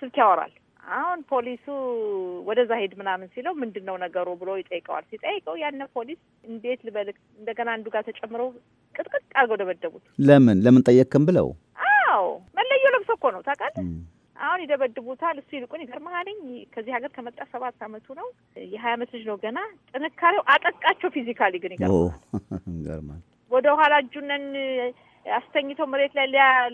ስልክ ያወራል። አሁን ፖሊሱ ወደዛ ሄድ ምናምን ሲለው ምንድን ነው ነገሩ ብሎ ይጠይቀዋል። ሲጠይቀው ያነ ፖሊስ እንዴት ልበልክ፣ እንደገና አንዱ ጋር ተጨምረው ቅጥቅጥ አድርገው ደበደቡት። ለምን ለምን ጠየቅክም ብለው አዎ መለየው ለብሶ እኮ ነው ታውቃለህ አሁን ይደበድቡታል። እሱ ይልቁን ይገርመሃል፣ ከዚህ ሀገር ከመጣ ሰባት አመቱ ነው። የሀያ አመት ልጅ ነው ገና። ጥንካሬው አጠቃቸው ፊዚካሊ ግን ይገርማል። ወደ ኋላ እጁነን አስተኝተው መሬት ላይ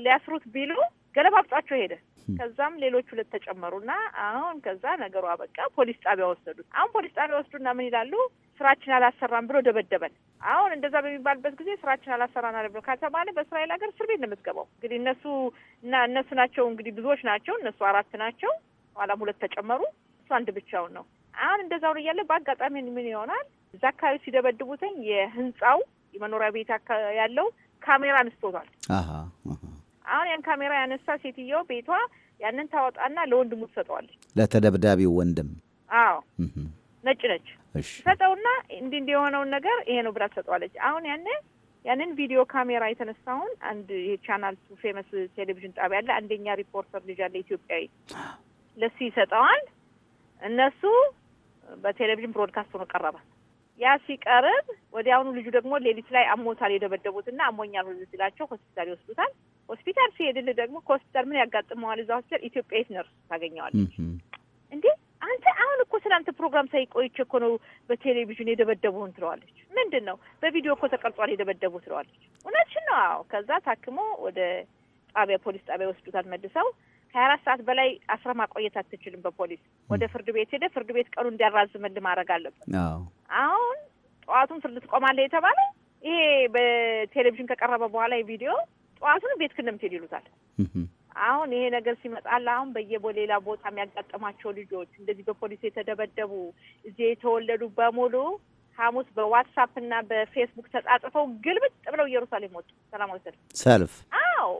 ሊያስሩት ቢሉ ገለባብጧቸው ሄደ። Hmm. ከዛም ሌሎች ሁለት ተጨመሩና አሁን ከዛ ነገሩ አበቃ። ፖሊስ ጣቢያ ወሰዱት። አሁን ፖሊስ ጣቢያ ወስዱና ምን ይላሉ? ስራችን አላሰራን ብሎ ደበደበን። አሁን እንደዛ በሚባልበት ጊዜ ስራችን አላሰራን አለ ብሎ ካልተባለ በእስራኤል ሀገር እስር ቤት ነው የምትገባው። እንግዲህ እነሱ እና እነሱ ናቸው እንግዲህ ብዙዎች ናቸው። እነሱ አራት ናቸው። ኋላም ሁለት ተጨመሩ። እሱ አንድ ብቻውን ነው። አሁን ሁን እያለ በአጋጣሚ ምን ይሆናል እዛ አካባቢ ሲደበድቡትኝ የህንፃው የመኖሪያ ቤት ያለው ካሜራ አንስቶታል። አሁን ያን ካሜራ ያነሳ ሴትየው ቤቷ ያንን ታወጣና ለወንድሙ ትሰጠዋለች። ለተደብዳቢው ወንድም። አዎ ነጭ ነች። ሰጠውና እንዲ እንዲ የሆነውን ነገር ይሄ ነው ብላ ትሰጠዋለች። አሁን ያን ያንን ቪዲዮ ካሜራ የተነሳውን አንድ ቻናል ቱ ፌመስ ቴሌቪዥን ጣቢያ አለ። አንደኛ ሪፖርተር ልጅ አለ ኢትዮጵያዊ፣ ለሱ ይሰጠዋል። እነሱ በቴሌቪዥን ብሮድካስት ሆኖ ቀረባል። ያ ሲቀርብ ወዲያውኑ ልጁ ደግሞ ሌሊት ላይ አሞታል የደበደቡትና አሞኛል ወደ ሲላቸው ሆስፒታል ይወስዱታል። ሆስፒታል ሲሄድልህ ደግሞ ከሆስፒታል ምን ያጋጥመዋል? እዛ ሆስፒታል ኢትዮጵያዊት ነርስ ታገኘዋለች። እንዴ አንተ አሁን እኮ ስላንተ ፕሮግራም ሳይቆይቼ እኮ ነው በቴሌቪዥን የደበደቡን ትለዋለች። ምንድን ነው በቪዲዮ እኮ ተቀርጿል የደበደቡ ትለዋለች። እውነትሽን ነው። አዎ። ከዛ ታክሞ ወደ ጣቢያ ፖሊስ ጣቢያ ይወስዱታል መልሰው ከሀያ አራት ሰዓት በላይ አስረ ማቆየት አትችልም። በፖሊስ ወደ ፍርድ ቤት ሄደ ፍርድ ቤት ቀኑ እንዲያራዝምል ማድረግ አለበት። አሁን ጠዋቱን ፍርድ ትቆማለህ የተባለ ይሄ በቴሌቪዥን ከቀረበ በኋላ ቪዲዮ ጠዋቱን ቤት ክንምትል ይሉታል። አሁን ይሄ ነገር ሲመጣል አሁን በየቦሌላ ቦታ የሚያጋጥማቸው ልጆች እንደዚህ በፖሊስ የተደበደቡ እዚህ የተወለዱ በሙሉ ሐሙስ በዋትሳፕ እና በፌስቡክ ተጻጽፈው ግልብጥ ብለው ኢየሩሳሌም ወጡ ሰላማዊ ሰልፍ ሰልፍ አዎ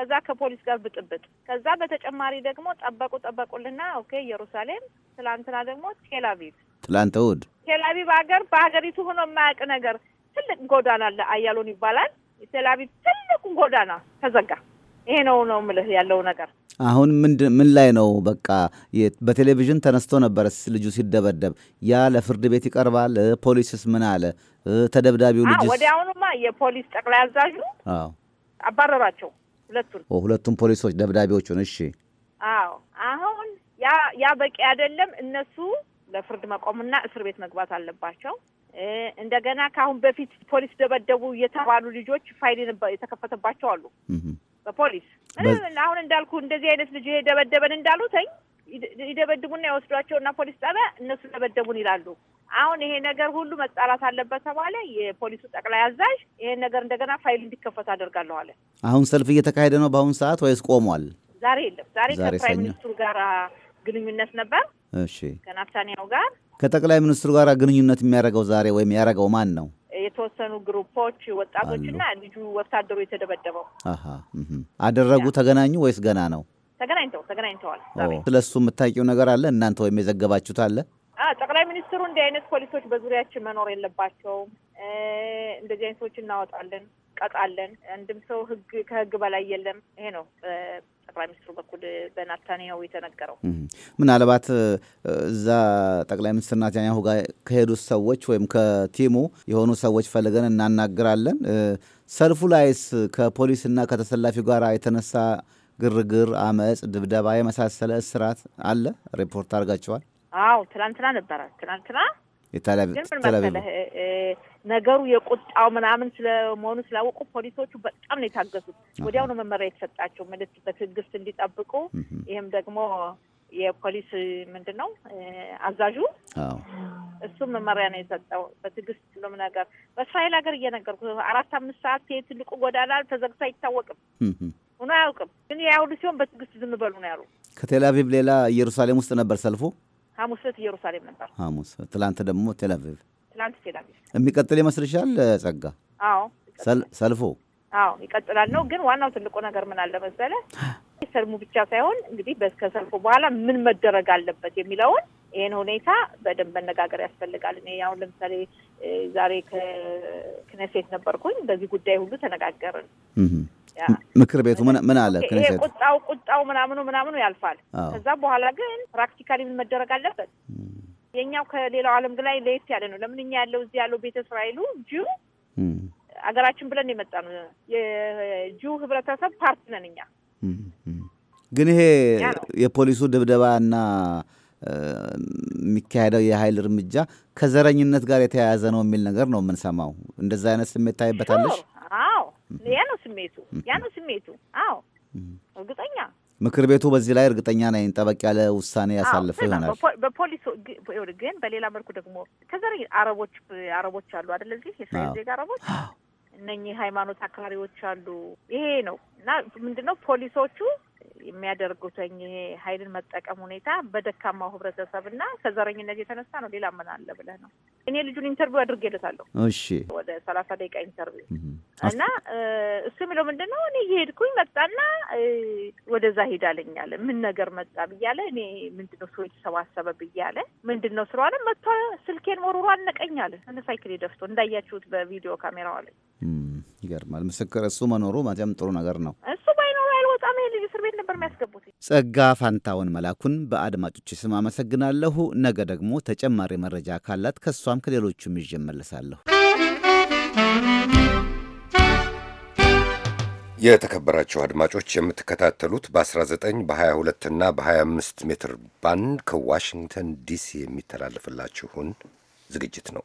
ከዛ ከፖሊስ ጋር ብጥብጥ፣ ከዛ በተጨማሪ ደግሞ ጠበቁ ጠበቁልና፣ ኦኬ ኢየሩሳሌም፣ ትላንትና ደግሞ ቴላቪቭ፣ ትላንት እሑድ ቴላቪቭ ሀገር በሀገሪቱ ሆኖ የማያውቅ ነገር ትልቅ ጎዳና አለ፣ አያሎን ይባላል። ቴላቪቭ ትልቁ ጎዳና ተዘጋ። ይሄ ነው ነው ምልህ ያለው ነገር። አሁን ምን ላይ ነው? በቃ በቴሌቪዥን ተነስቶ ነበረ ልጁ ሲደበደብ፣ ያ ለፍርድ ቤት ይቀርባል። ፖሊስስ ምን አለ? ተደብዳቢው ልጅ ወዲያውኑማ የፖሊስ ጠቅላይ አዛዡ አባረራቸው። ሁለቱን ሁለቱም ፖሊሶች ደብዳቤዎቹን። እሺ። አዎ አሁን ያ ያ በቂ አይደለም። እነሱ ለፍርድ መቆምና እስር ቤት መግባት አለባቸው። እንደገና ከአሁን በፊት ፖሊስ ደበደቡ የተባሉ ልጆች ፋይል የተከፈተባቸው አሉ በፖሊስ። አሁን እንዳልኩ እንደዚህ አይነት ልጅ ደበደበን እንዳሉተኝ ይደበድቡና ይወስዷቸውና ፖሊስ ጣቢያ እነሱ ደበደቡን ይላሉ። አሁን ይሄ ነገር ሁሉ መጣራት አለበት ተባለ። የፖሊሱ ጠቅላይ አዛዥ ይሄን ነገር እንደገና ፋይል እንዲከፈት አደርጋለሁ አለ። አሁን ሰልፍ እየተካሄደ ነው በአሁኑ ሰዓት ወይስ ቆሟል? ዛሬ የለም። ዛሬ ከፕራይም ሚኒስትሩ ጋር ግንኙነት ነበር። እሺ፣ ከናታንያው ጋር ከጠቅላይ ሚኒስትሩ ጋር ግንኙነት የሚያደርገው ዛሬ ወይም ያደረገው ማን ነው? የተወሰኑ ግሩፖች ወጣቶችና ልጁ ወታደሩ የተደበደበው አደረጉ። ተገናኙ ወይስ ገና ነው? ተገናኝተው ተገናኝተዋል። ስለ እሱ የምታውቂው ነገር አለ እናንተ ወይም የዘገባችሁት አለ? ጠቅላይ ሚኒስትሩ እንዲህ አይነት ፖሊሶች በዙሪያችን መኖር የለባቸውም። እንደዚህ አይነት ሰዎች እናወጣለን፣ ቀጣለን። አንድም ሰው ህግ ከህግ በላይ የለም። ይሄ ነው ጠቅላይ ሚኒስትሩ በኩል በናታንያሁ የተነገረው። ምናልባት እዛ ጠቅላይ ሚኒስትር ናታንያሁ ጋር ከሄዱት ሰዎች ወይም ከቲሙ የሆኑ ሰዎች ፈልገን እናናግራለን። ሰልፉ ላይስ ከፖሊስና ከተሰላፊው ጋር የተነሳ ግርግር፣ አመፅ፣ ድብደባ የመሳሰለ እስራት አለ? ሪፖርት አድርጋችኋል? አዎ ትላንትና ነበረ። ትላንትና ግን ምን መሰለህ ነገሩ የቁጣው ምናምን ስለመሆኑ ስላወቁ ፖሊሶቹ በጣም ነው የታገሱት። ነው መመሪያ የተሰጣቸው መልስ በትዕግስት እንዲጠብቁ ይህም ደግሞ የፖሊስ ምንድን ነው አዛዡ እሱም መመሪያ ነው የሰጠው። በትዕግስት ሁሉም ነገር በእስራኤል ሀገር እየነገርኩ አራት አምስት ሰዓት ትልቁ ጎዳና ተዘግቶ አይታወቅም ሆኖ አያውቅም። ግን ያውሉ ሲሆን በትዕግስት ዝም በሉ ነው ያሉ። ከቴል ሌላ ኢየሩሳሌም ውስጥ ነበር ሰልፉ። ሐሙስ ዕለት ኢየሩሳሌም ነበር። ሐሙስ ትላንት ደግሞ ቴላቪቭ፣ ትላንት ቴላቪቭ። የሚቀጥል ይመስልሻል ጸጋ? አዎ ሰልፎ አዎ ይቀጥላል ነው። ግን ዋናው ትልቁ ነገር ምን አለ መሰለ ሰልሙ ብቻ ሳይሆን እንግዲህ ከሰልፎ በኋላ ምን መደረግ አለበት የሚለውን ይህን ሁኔታ በደንብ መነጋገር ያስፈልጋል። እኔ አሁን ለምሳሌ ዛሬ ከክነሴት ነበርኩኝ። በዚህ ጉዳይ ሁሉ ተነጋገርን። ምክር ቤቱ ምን አለ? ቁጣው ቁጣው ምናምኑ ምናምኑ ያልፋል። ከዛ በኋላ ግን ፕራክቲካሊ ምን መደረግ አለበት? የእኛው ከሌላው ዓለም ላይ ለየት ያለ ነው። ለምን እኛ ያለው እዚህ ያለው ቤተ እስራኤሉ ጂው አገራችን ብለን የመጣ ነው። የጁ ህብረተሰብ ፓርቲ ነን እኛ። ግን ይሄ የፖሊሱ ድብደባ እና የሚካሄደው የኃይል እርምጃ ከዘረኝነት ጋር የተያያዘ ነው የሚል ነገር ነው የምንሰማው። እንደዛ አይነት ስሜት ታይበታለሽ? አዎ ስሜቱ ያ ነው ስሜቱ። አዎ እርግጠኛ ምክር ቤቱ በዚህ ላይ እርግጠኛ ነኝ ጠበቅ ያለ ውሳኔ ያሳልፍ ይሆናል። በፖሊስ ግን በሌላ መልኩ ደግሞ ከዘር አረቦች አረቦች አሉ አደለ? እዚህ የእስራኤል ዜጋ አረቦች እነኚህ ሃይማኖት አክራሪዎች አሉ። ይሄ ነው እና ምንድነው ፖሊሶቹ የሚያደርጉትኝ ይሄ ኃይልን መጠቀም ሁኔታ በደካማው ህብረተሰብ ህብረተሰብና ከዘረኝነት የተነሳ ነው። ሌላ ምን አለ ብለህ ነው። እኔ ልጁን ኢንተርቪው አድርጌለታለሁ። እሺ፣ ወደ ሰላሳ ደቂቃ ኢንተርቪው እና እሱ የሚለው ምንድን ነው? እኔ እየሄድኩኝ መጣና ወደዛ ሄዳለኛለ ምን ነገር መጣ ብያለ እኔ ምንድን ነው ሰው የተሰባሰበ ብያለ ምንድን ነው ስለዋለ መጥቷ ስልኬን ወርውሮ አነቀኛለ። ሳይክል ደፍቶ እንዳያችሁት በቪዲዮ ካሜራው ላይ ይገርማል። ምስክር እሱ መኖሩ ማለትም ጥሩ ነገር ነው። እሱ ባይኖሩ አይወጣም ይሄ ልጅ የሚያስገቡት። ጸጋ ፋንታውን መላኩን በአድማጮች ስም አመሰግናለሁ። ነገ ደግሞ ተጨማሪ መረጃ ካላት ከእሷም ከሌሎቹም ይዤ እመለሳለሁ። የተከበራቸው አድማጮች የምትከታተሉት በ19 በ22 እና በ25 ሜትር ባንድ ከዋሽንግተን ዲሲ የሚተላለፍላችሁን ዝግጅት ነው።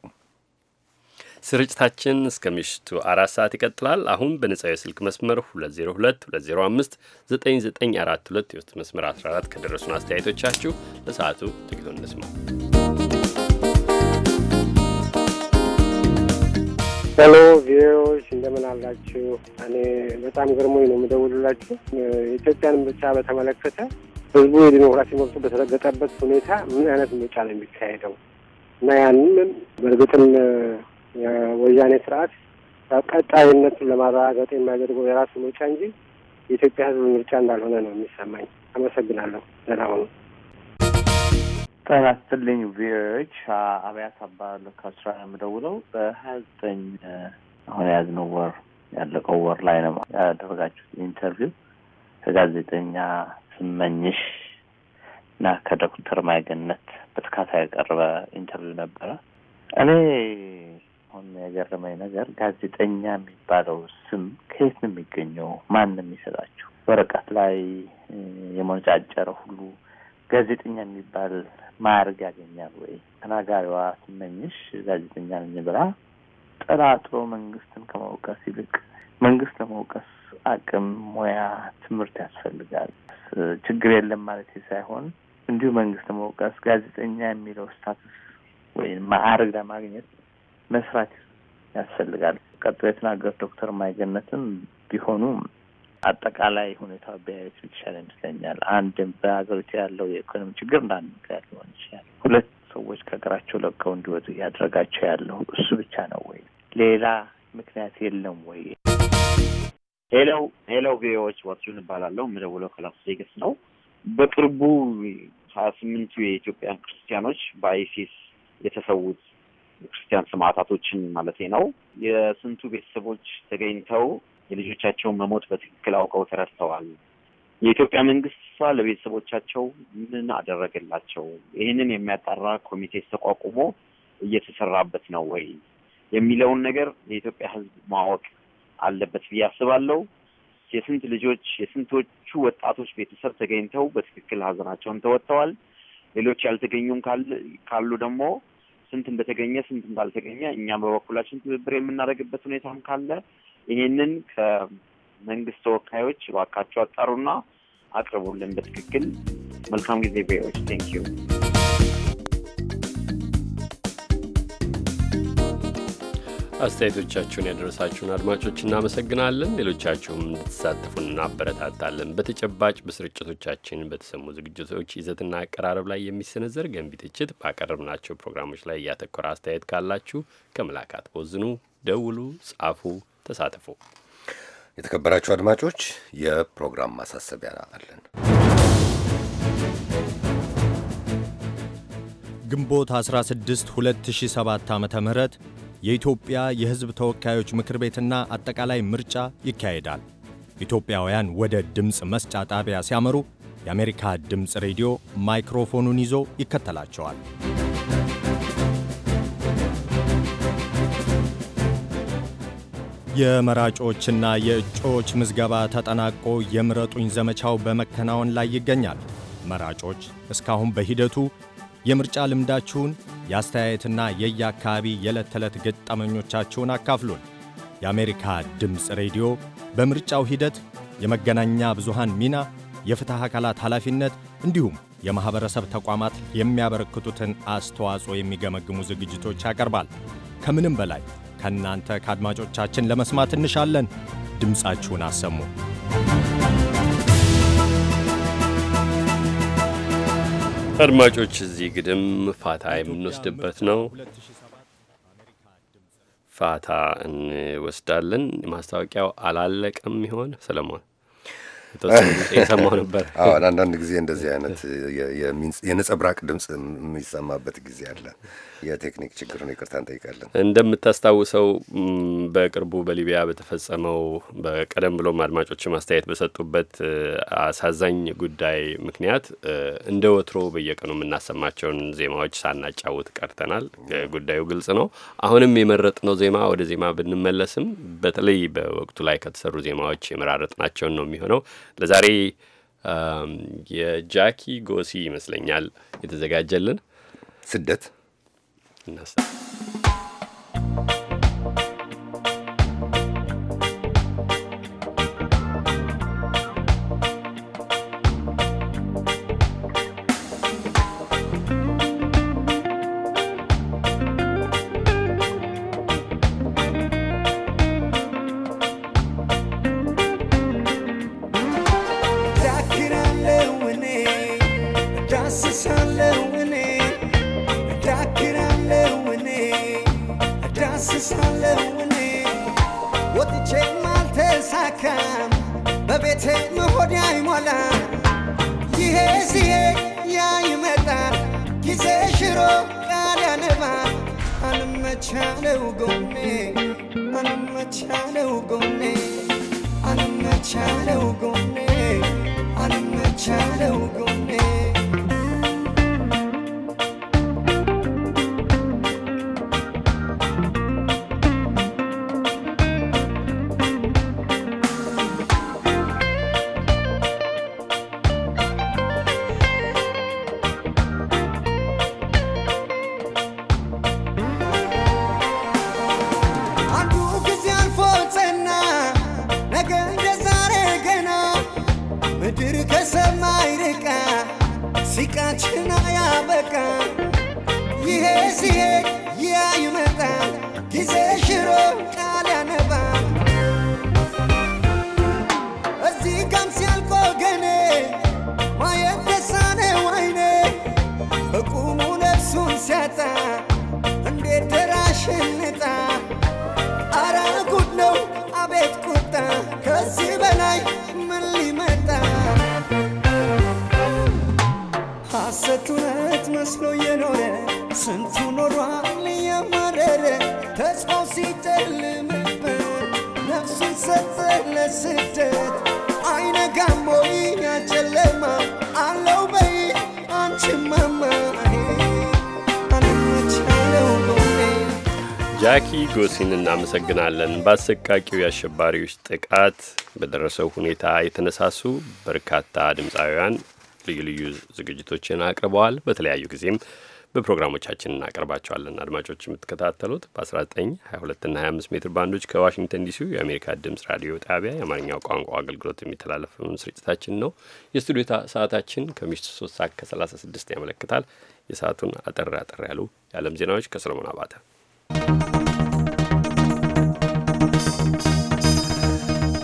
ስርጭታችን እስከ ምሽቱ አራት ሰዓት ይቀጥላል። አሁን በነጻው የስልክ መስመር 2022059942 የውስጥ መስመር 14 ከደረሱን አስተያየቶቻችሁ ለሰዓቱ ጥቂቱን እንስማ። ሄሎ ቪዲዮዎች እንደምን አላችሁ? እኔ በጣም ገርሞኝ ነው የምደውሉላችሁ። የኢትዮጵያን ምርጫ በተመለከተ ህዝቡ የዲሞክራሲ መብቱ በተረገጠበት ሁኔታ ምን አይነት ምርጫ ነው የሚካሄደው እና ያንን በእርግጥም የወያኔ ስርዓት ቀጣይነቱን ለማረጋገጥ የሚያደርገው የራሱ ምርጫ እንጂ የኢትዮጵያ ሕዝብ ምርጫ እንዳልሆነ ነው የሚሰማኝ። አመሰግናለሁ። ደህና ሁኑ። ጤና ይስጥልኝ። ቪዎች አብያት አባሉ ከስራ የምደውለው በሀያ ዘጠኝ አሁን የያዝነው ወር ያለቀው ወር ላይ ነው ያደረጋችሁት ኢንተርቪው ከጋዜጠኛ ስመኝሽ እና ከዶክተር ማይገነት በተካታይ የቀረበ ኢንተርቪው ነበረ። እኔ አሁን የገረመኝ ነገር ጋዜጠኛ የሚባለው ስም ከየት ነው የሚገኘው? ማን ነው የሚሰጣችሁ? ወረቀት ላይ የመንጫጨረ ሁሉ ጋዜጠኛ የሚባል ማዕረግ ያገኛል ወይ? ተናጋሪዋ ስመኝሽ ጋዜጠኛ ነኝ ብላ ጠራጥሮ መንግስትን ከመውቀስ ይልቅ መንግስት ለመውቀስ አቅም፣ ሙያ፣ ትምህርት ያስፈልጋል። ችግር የለም ማለት ሳይሆን እንዲሁ መንግስት ለመውቀስ ጋዜጠኛ የሚለው ስታትስ ወይም ማዕረግ ለማግኘት መስራት ያስፈልጋል። ቀጥሎ የተናገሩት ዶክተር ማይገነትም ቢሆኑ አጠቃላይ ሁኔታ ቢያዩት ይቻል ይመስለኛል። አንድ በሀገሪቱ ያለው የኢኮኖሚ ችግር እንዳንድ ምክንያት ሊሆን ይችላል። ሁለት ሰዎች ከሀገራቸው ለቀው እንዲወጡ እያደረጋቸው ያለው እሱ ብቻ ነው ወይ? ሌላ ምክንያት የለም ወይ? ሌላው ሌላው ቪዎች ወርሱን እባላለሁ። የምደውለው ከላስ ቬጋስ ነው። በቅርቡ ሀያ ስምንቱ የኢትዮጵያ ክርስቲያኖች በአይሲስ የተሰዉት ክርስቲያን ሰማዕታቶችን ማለት ነው። የስንቱ ቤተሰቦች ተገኝተው የልጆቻቸውን መሞት በትክክል አውቀው ተረድተዋል። የኢትዮጵያ መንግስት ለቤተሰቦቻቸው ምን አደረገላቸው? ይህንን የሚያጣራ ኮሚቴ ተቋቁሞ እየተሰራበት ነው ወይ የሚለውን ነገር የኢትዮጵያ ሕዝብ ማወቅ አለበት ብዬ አስባለሁ። የስንት ልጆች የስንቶቹ ወጣቶች ቤተሰብ ተገኝተው በትክክል ሀዘናቸውን ተወጥተዋል። ሌሎች ያልተገኙም ካሉ ደግሞ ስንት እንደተገኘ ስንት እንዳልተገኘ እኛም በበኩላችን ትብብር የምናደርግበት ሁኔታም ካለ ይሄንን ከመንግስት ተወካዮች እባካቸው አጣሩና አቅርቡልን በትክክል። መልካም ጊዜ ብዎች ቴንኪዩ አስተያየቶቻችሁን ያደረሳችሁን አድማጮች እናመሰግናለን። ሌሎቻችሁም እንድትሳተፉን እናበረታታለን። በተጨባጭ በስርጭቶቻችን በተሰሙ ዝግጅቶች ይዘትና አቀራረብ ላይ የሚሰነዘር ገንቢ ትችት፣ ባቀረብናቸው ፕሮግራሞች ላይ እያተኮረ አስተያየት ካላችሁ ከመላካት ቦዝኑ፣ ደውሉ፣ ጻፉ፣ ተሳተፉ። የተከበራችሁ አድማጮች የፕሮግራም ማሳሰቢያ አለን። ግንቦት 16 2007 ዓ ም የኢትዮጵያ የሕዝብ ተወካዮች ምክር ቤትና አጠቃላይ ምርጫ ይካሄዳል። ኢትዮጵያውያን ወደ ድምፅ መስጫ ጣቢያ ሲያመሩ የአሜሪካ ድምፅ ሬዲዮ ማይክሮፎኑን ይዞ ይከተላቸዋል። የመራጮችና የእጩዎች ምዝገባ ተጠናቆ የምረጡኝ ዘመቻው በመከናወን ላይ ይገኛል። መራጮች እስካሁን በሂደቱ የምርጫ ልምዳችሁን፣ የአስተያየትና የየአካባቢ የዕለት ተዕለት ገጠመኞቻችሁን አካፍሉን። የአሜሪካ ድምፅ ሬዲዮ በምርጫው ሂደት የመገናኛ ብዙሃን ሚና፣ የፍትሕ አካላት ኃላፊነት እንዲሁም የማኅበረሰብ ተቋማት የሚያበረክቱትን አስተዋጽኦ የሚገመግሙ ዝግጅቶች ያቀርባል። ከምንም በላይ ከእናንተ ከአድማጮቻችን ለመስማት እንሻለን። ድምፃችሁን አሰሙ። አድማጮች እዚህ ግድም ፋታ የምንወስድበት ነው። ፋታ እንወስዳለን። ማስታወቂያው አላለቀም ይሆን ሰለሞን? የሰማው ነበር። አንዳንድ ጊዜ እንደዚህ አይነት የነጸብራቅ ድምፅ የሚሰማበት ጊዜ አለ። የቴክኒክ ነው። ይቅርታ እንጠይቃለን። እንደምታስታውሰው በቅርቡ በሊቢያ በተፈጸመው በቀደም ብሎም አድማጮች ማስተያየት በሰጡበት አሳዛኝ ጉዳይ ምክንያት እንደ ወትሮ በየቀኑ የምናሰማቸውን ዜማዎች ሳናጫውት ቀርተናል። ጉዳዩ ግልጽ ነው። አሁንም የመረጥነው ዜማ ወደ ዜማ ብንመለስም በተለይ በወቅቱ ላይ ከተሰሩ ዜማዎች የመራረጥናቸውን ነው የሚሆነው ለዛሬ የጃኪ ጎሲ ይመስለኛል የተዘጋጀልን ስደት りまし ነፍሱ ለስደት ጃኪ ጎሲን እናመሰግናለን። በአሰቃቂው የአሸባሪዎች ጥቃት በደረሰው ሁኔታ የተነሳሱ በርካታ ድምፃውያን ልዩ ልዩ ዝግጅቶችን አቅርበዋል። በተለያዩ ጊዜም በፕሮግራሞቻችን እናቀርባቸዋለን። አድማጮች የምትከታተሉት በ19፣ 22 እና 25 ሜትር ባንዶች ከዋሽንግተን ዲሲው የአሜሪካ ድምፅ ራዲዮ ጣቢያ የአማርኛ ቋንቋ አገልግሎት የሚተላለፈውን ስርጭታችን ነው። የስቱዲዮ ሰዓታችን ከምሽቱ 3 ሰዓት ከ36 ያመለክታል። የሰዓቱን አጠር አጠር ያሉ የዓለም ዜናዎች ከሰለሞን አባተ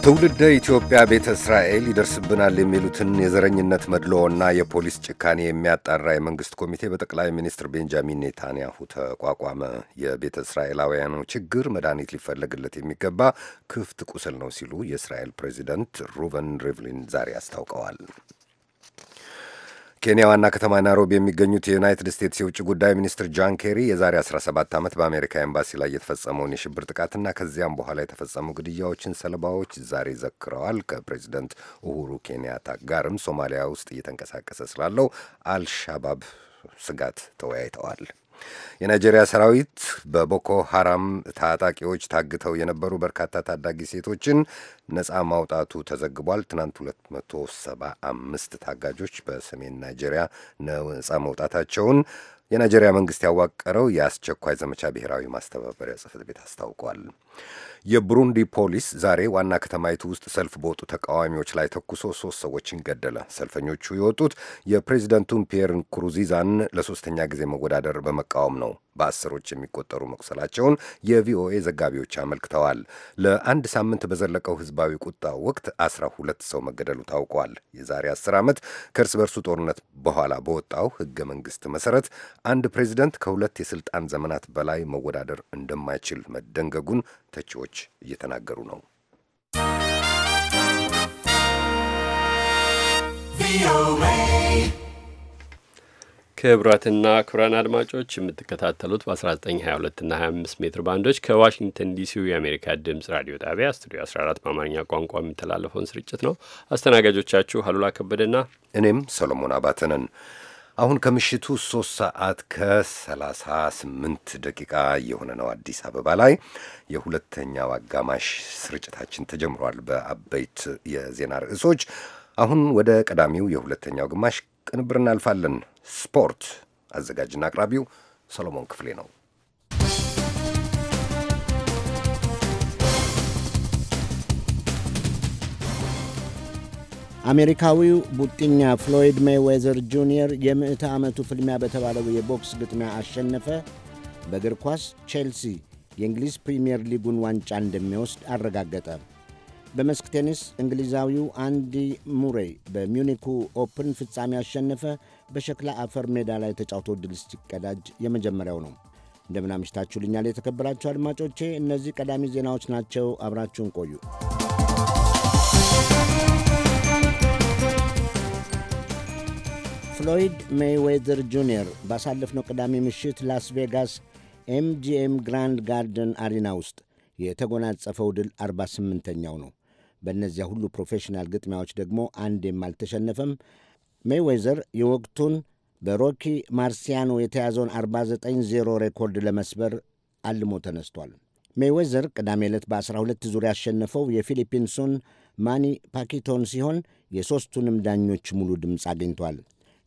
ትውልደ ኢትዮጵያ ቤተ እስራኤል ይደርስብናል የሚሉትን የዘረኝነት መድሎና የፖሊስ ጭካኔ የሚያጣራ የመንግሥት ኮሚቴ በጠቅላይ ሚኒስትር ቤንጃሚን ኔታንያሁ ተቋቋመ። የቤተ እስራኤላውያኑ ችግር መድኃኒት ሊፈለግለት የሚገባ ክፍት ቁስል ነው ሲሉ የእስራኤል ፕሬዚደንት ሩቨን ሪቭሊን ዛሬ አስታውቀዋል። ኬንያ ዋና ከተማ ናይሮቢ የሚገኙት የዩናይትድ ስቴትስ የውጭ ጉዳይ ሚኒስትር ጃን ኬሪ የዛሬ 17 ዓመት በአሜሪካ ኤምባሲ ላይ የተፈጸመውን የሽብር ጥቃትና ከዚያም በኋላ የተፈጸሙ ግድያዎችን ሰለባዎች ዛሬ ዘክረዋል። ከፕሬዚደንት ኡሁሩ ኬንያታ ጋርም ሶማሊያ ውስጥ እየተንቀሳቀሰ ስላለው አልሻባብ ስጋት ተወያይተዋል። የናይጄሪያ ሰራዊት በቦኮ ሐራም ታጣቂዎች ታግተው የነበሩ በርካታ ታዳጊ ሴቶችን ነፃ ማውጣቱ ተዘግቧል። ትናንት 275 ታጋጆች በሰሜን ናይጄሪያ ነፃ መውጣታቸውን የናይጄሪያ መንግስት ያዋቀረው የአስቸኳይ ዘመቻ ብሔራዊ ማስተባበሪያ ጽህፈት ቤት አስታውቋል። የቡሩንዲ ፖሊስ ዛሬ ዋና ከተማይቱ ውስጥ ሰልፍ በወጡ ተቃዋሚዎች ላይ ተኩሶ ሶስት ሰዎችን ገደለ። ሰልፈኞቹ የወጡት የፕሬዚደንቱን ፒየር ንኩሩዚዛን ለሶስተኛ ጊዜ መወዳደር በመቃወም ነው። በአስሮች የሚቆጠሩ መቁሰላቸውን የቪኦኤ ዘጋቢዎች አመልክተዋል። ለአንድ ሳምንት በዘለቀው ህዝባዊ ቁጣ ወቅት አስራ ሁለት ሰው መገደሉ ታውቋል። የዛሬ አስር ዓመት ከእርስ በርሱ ጦርነት በኋላ በወጣው ህገ መንግስት መሰረት አንድ ፕሬዚደንት ከሁለት የስልጣን ዘመናት በላይ መወዳደር እንደማይችል መደንገጉን ተቺዎች እየተናገሩ ነው። ክቡራትና ክቡራን አድማጮች የምትከታተሉት በ1922 እና 25 ሜትር ባንዶች ከዋሽንግተን ዲሲው የአሜሪካ ድምፅ ራዲዮ ጣቢያ ስቱዲዮ 14 በአማርኛ ቋንቋ የሚተላለፈውን ስርጭት ነው። አስተናጋጆቻችሁ አሉላ ከበደና እኔም ሰሎሞን አባተ ነን። አሁን ከምሽቱ 3 ሰዓት ከ38 ደቂቃ የሆነ ነው። አዲስ አበባ ላይ የሁለተኛው አጋማሽ ስርጭታችን ተጀምሯል። በአበይት የዜና ርዕሶች አሁን ወደ ቀዳሚው የሁለተኛው ግማሽ ቅንብር እናልፋለን። ስፖርት አዘጋጅና አቅራቢው ሰሎሞን ክፍሌ ነው። አሜሪካዊው ቡጢኛ ፍሎይድ ሜይዌዘር ጁኒየር የምዕተ ዓመቱ ፍልሚያ በተባለው የቦክስ ግጥሚያ አሸነፈ። በእግር ኳስ ቼልሲ የእንግሊዝ ፕሪምየር ሊጉን ዋንጫ እንደሚወስድ አረጋገጠ። በመስክ ቴኒስ እንግሊዛዊው አንዲ ሙሬይ በሚዩኒኩ ኦፕን ፍጻሜ አሸነፈ። በሸክላ አፈር ሜዳ ላይ ተጫውቶ ድል ሲቀዳጅ የመጀመሪያው ነው። እንደምናምሽታችሁ ልኛል የተከበራችሁ አድማጮቼ፣ እነዚህ ቀዳሚ ዜናዎች ናቸው። አብራችሁን ቆዩ። ፍሎይድ ሜይዌዘር ጁኒየር ባሳለፍነው ቅዳሜ ምሽት ላስ ቬጋስ ኤምጂኤም ግራንድ ጋርደን አሪና ውስጥ የተጎናጸፈው ድል 48ኛው ነው። በእነዚያ ሁሉ ፕሮፌሽናል ግጥሚያዎች ደግሞ አንዴም አልተሸነፈም። ሜይዌዘር የወቅቱን በሮኪ ማርሲያኖ የተያዘውን 49-0 ሬኮርድ ለመስበር አልሞ ተነስቷል። ሜይዌዘር ቅዳሜ ዕለት በ12 ዙር ያሸነፈው የፊሊፒንሱን ማኒ ፓኪቶን ሲሆን የሦስቱንም ዳኞች ሙሉ ድምፅ አግኝቷል።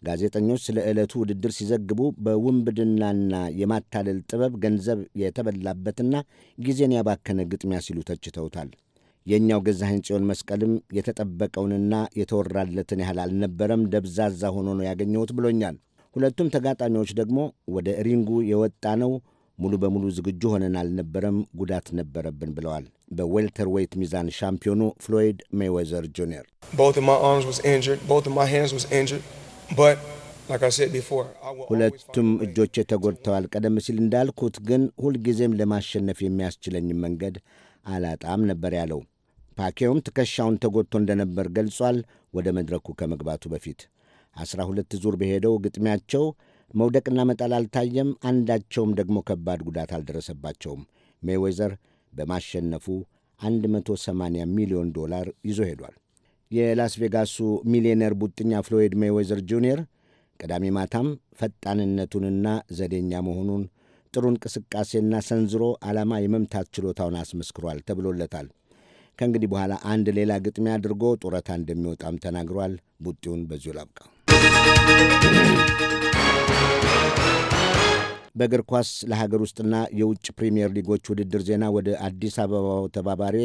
ጋዜጠኞች ስለ ዕለቱ ውድድር ሲዘግቡ በውንብድናና የማታለል ጥበብ ገንዘብ የተበላበትና ጊዜን ያባከነ ግጥሚያ ሲሉ ተችተውታል። የእኛው ገዛኸኝ ጽዮን መስቀልም የተጠበቀውንና የተወራለትን ያህል አልነበረም፣ ደብዛዛ ሆኖ ነው ያገኘሁት ብሎኛል። ሁለቱም ተጋጣሚዎች ደግሞ ወደ ሪንጉ የወጣ ነው ሙሉ በሙሉ ዝግጁ ሆነን አልነበረም፣ ጉዳት ነበረብን ብለዋል። በዌልተር ዌይት ሚዛን ሻምፒዮኑ ፍሎይድ ሜይዌዘር ጁኒየር ሁለቱም እጆቼ ተጎድተዋል። ቀደም ሲል እንዳልኩት ግን ሁልጊዜም ለማሸነፍ የሚያስችለኝ መንገድ አላጣም ነበር ያለው። ፓኬውም ትከሻውን ተጎድቶ እንደነበር ገልጿል። ወደ መድረኩ ከመግባቱ በፊት አስራ ሁለት ዙር በሄደው ግጥሚያቸው መውደቅና መጣል አልታየም። አንዳቸውም ደግሞ ከባድ ጉዳት አልደረሰባቸውም። ሜይዌዘር በማሸነፉ 180 ሚሊዮን ዶላር ይዞ ሄዷል። የላስ ቬጋሱ ሚሊዮነር ቡጥኛ ፍሎይድ ሜይዌዘር ጁኒየር ቅዳሜ ማታም ፈጣንነቱንና ዘዴኛ መሆኑን ጥሩ እንቅስቃሴና ሰንዝሮ ዓላማ የመምታት ችሎታውን አስመስክሯል ተብሎለታል። ከእንግዲህ በኋላ አንድ ሌላ ግጥሚያ አድርጎ ጡረታ እንደሚወጣም ተናግሯል። ቡጢውን በዚሁ ላብቃ። በእግር ኳስ ለሀገር ውስጥና የውጭ ፕሪምየር ሊጎች ውድድር ዜና ወደ አዲስ አበባው ተባባሪ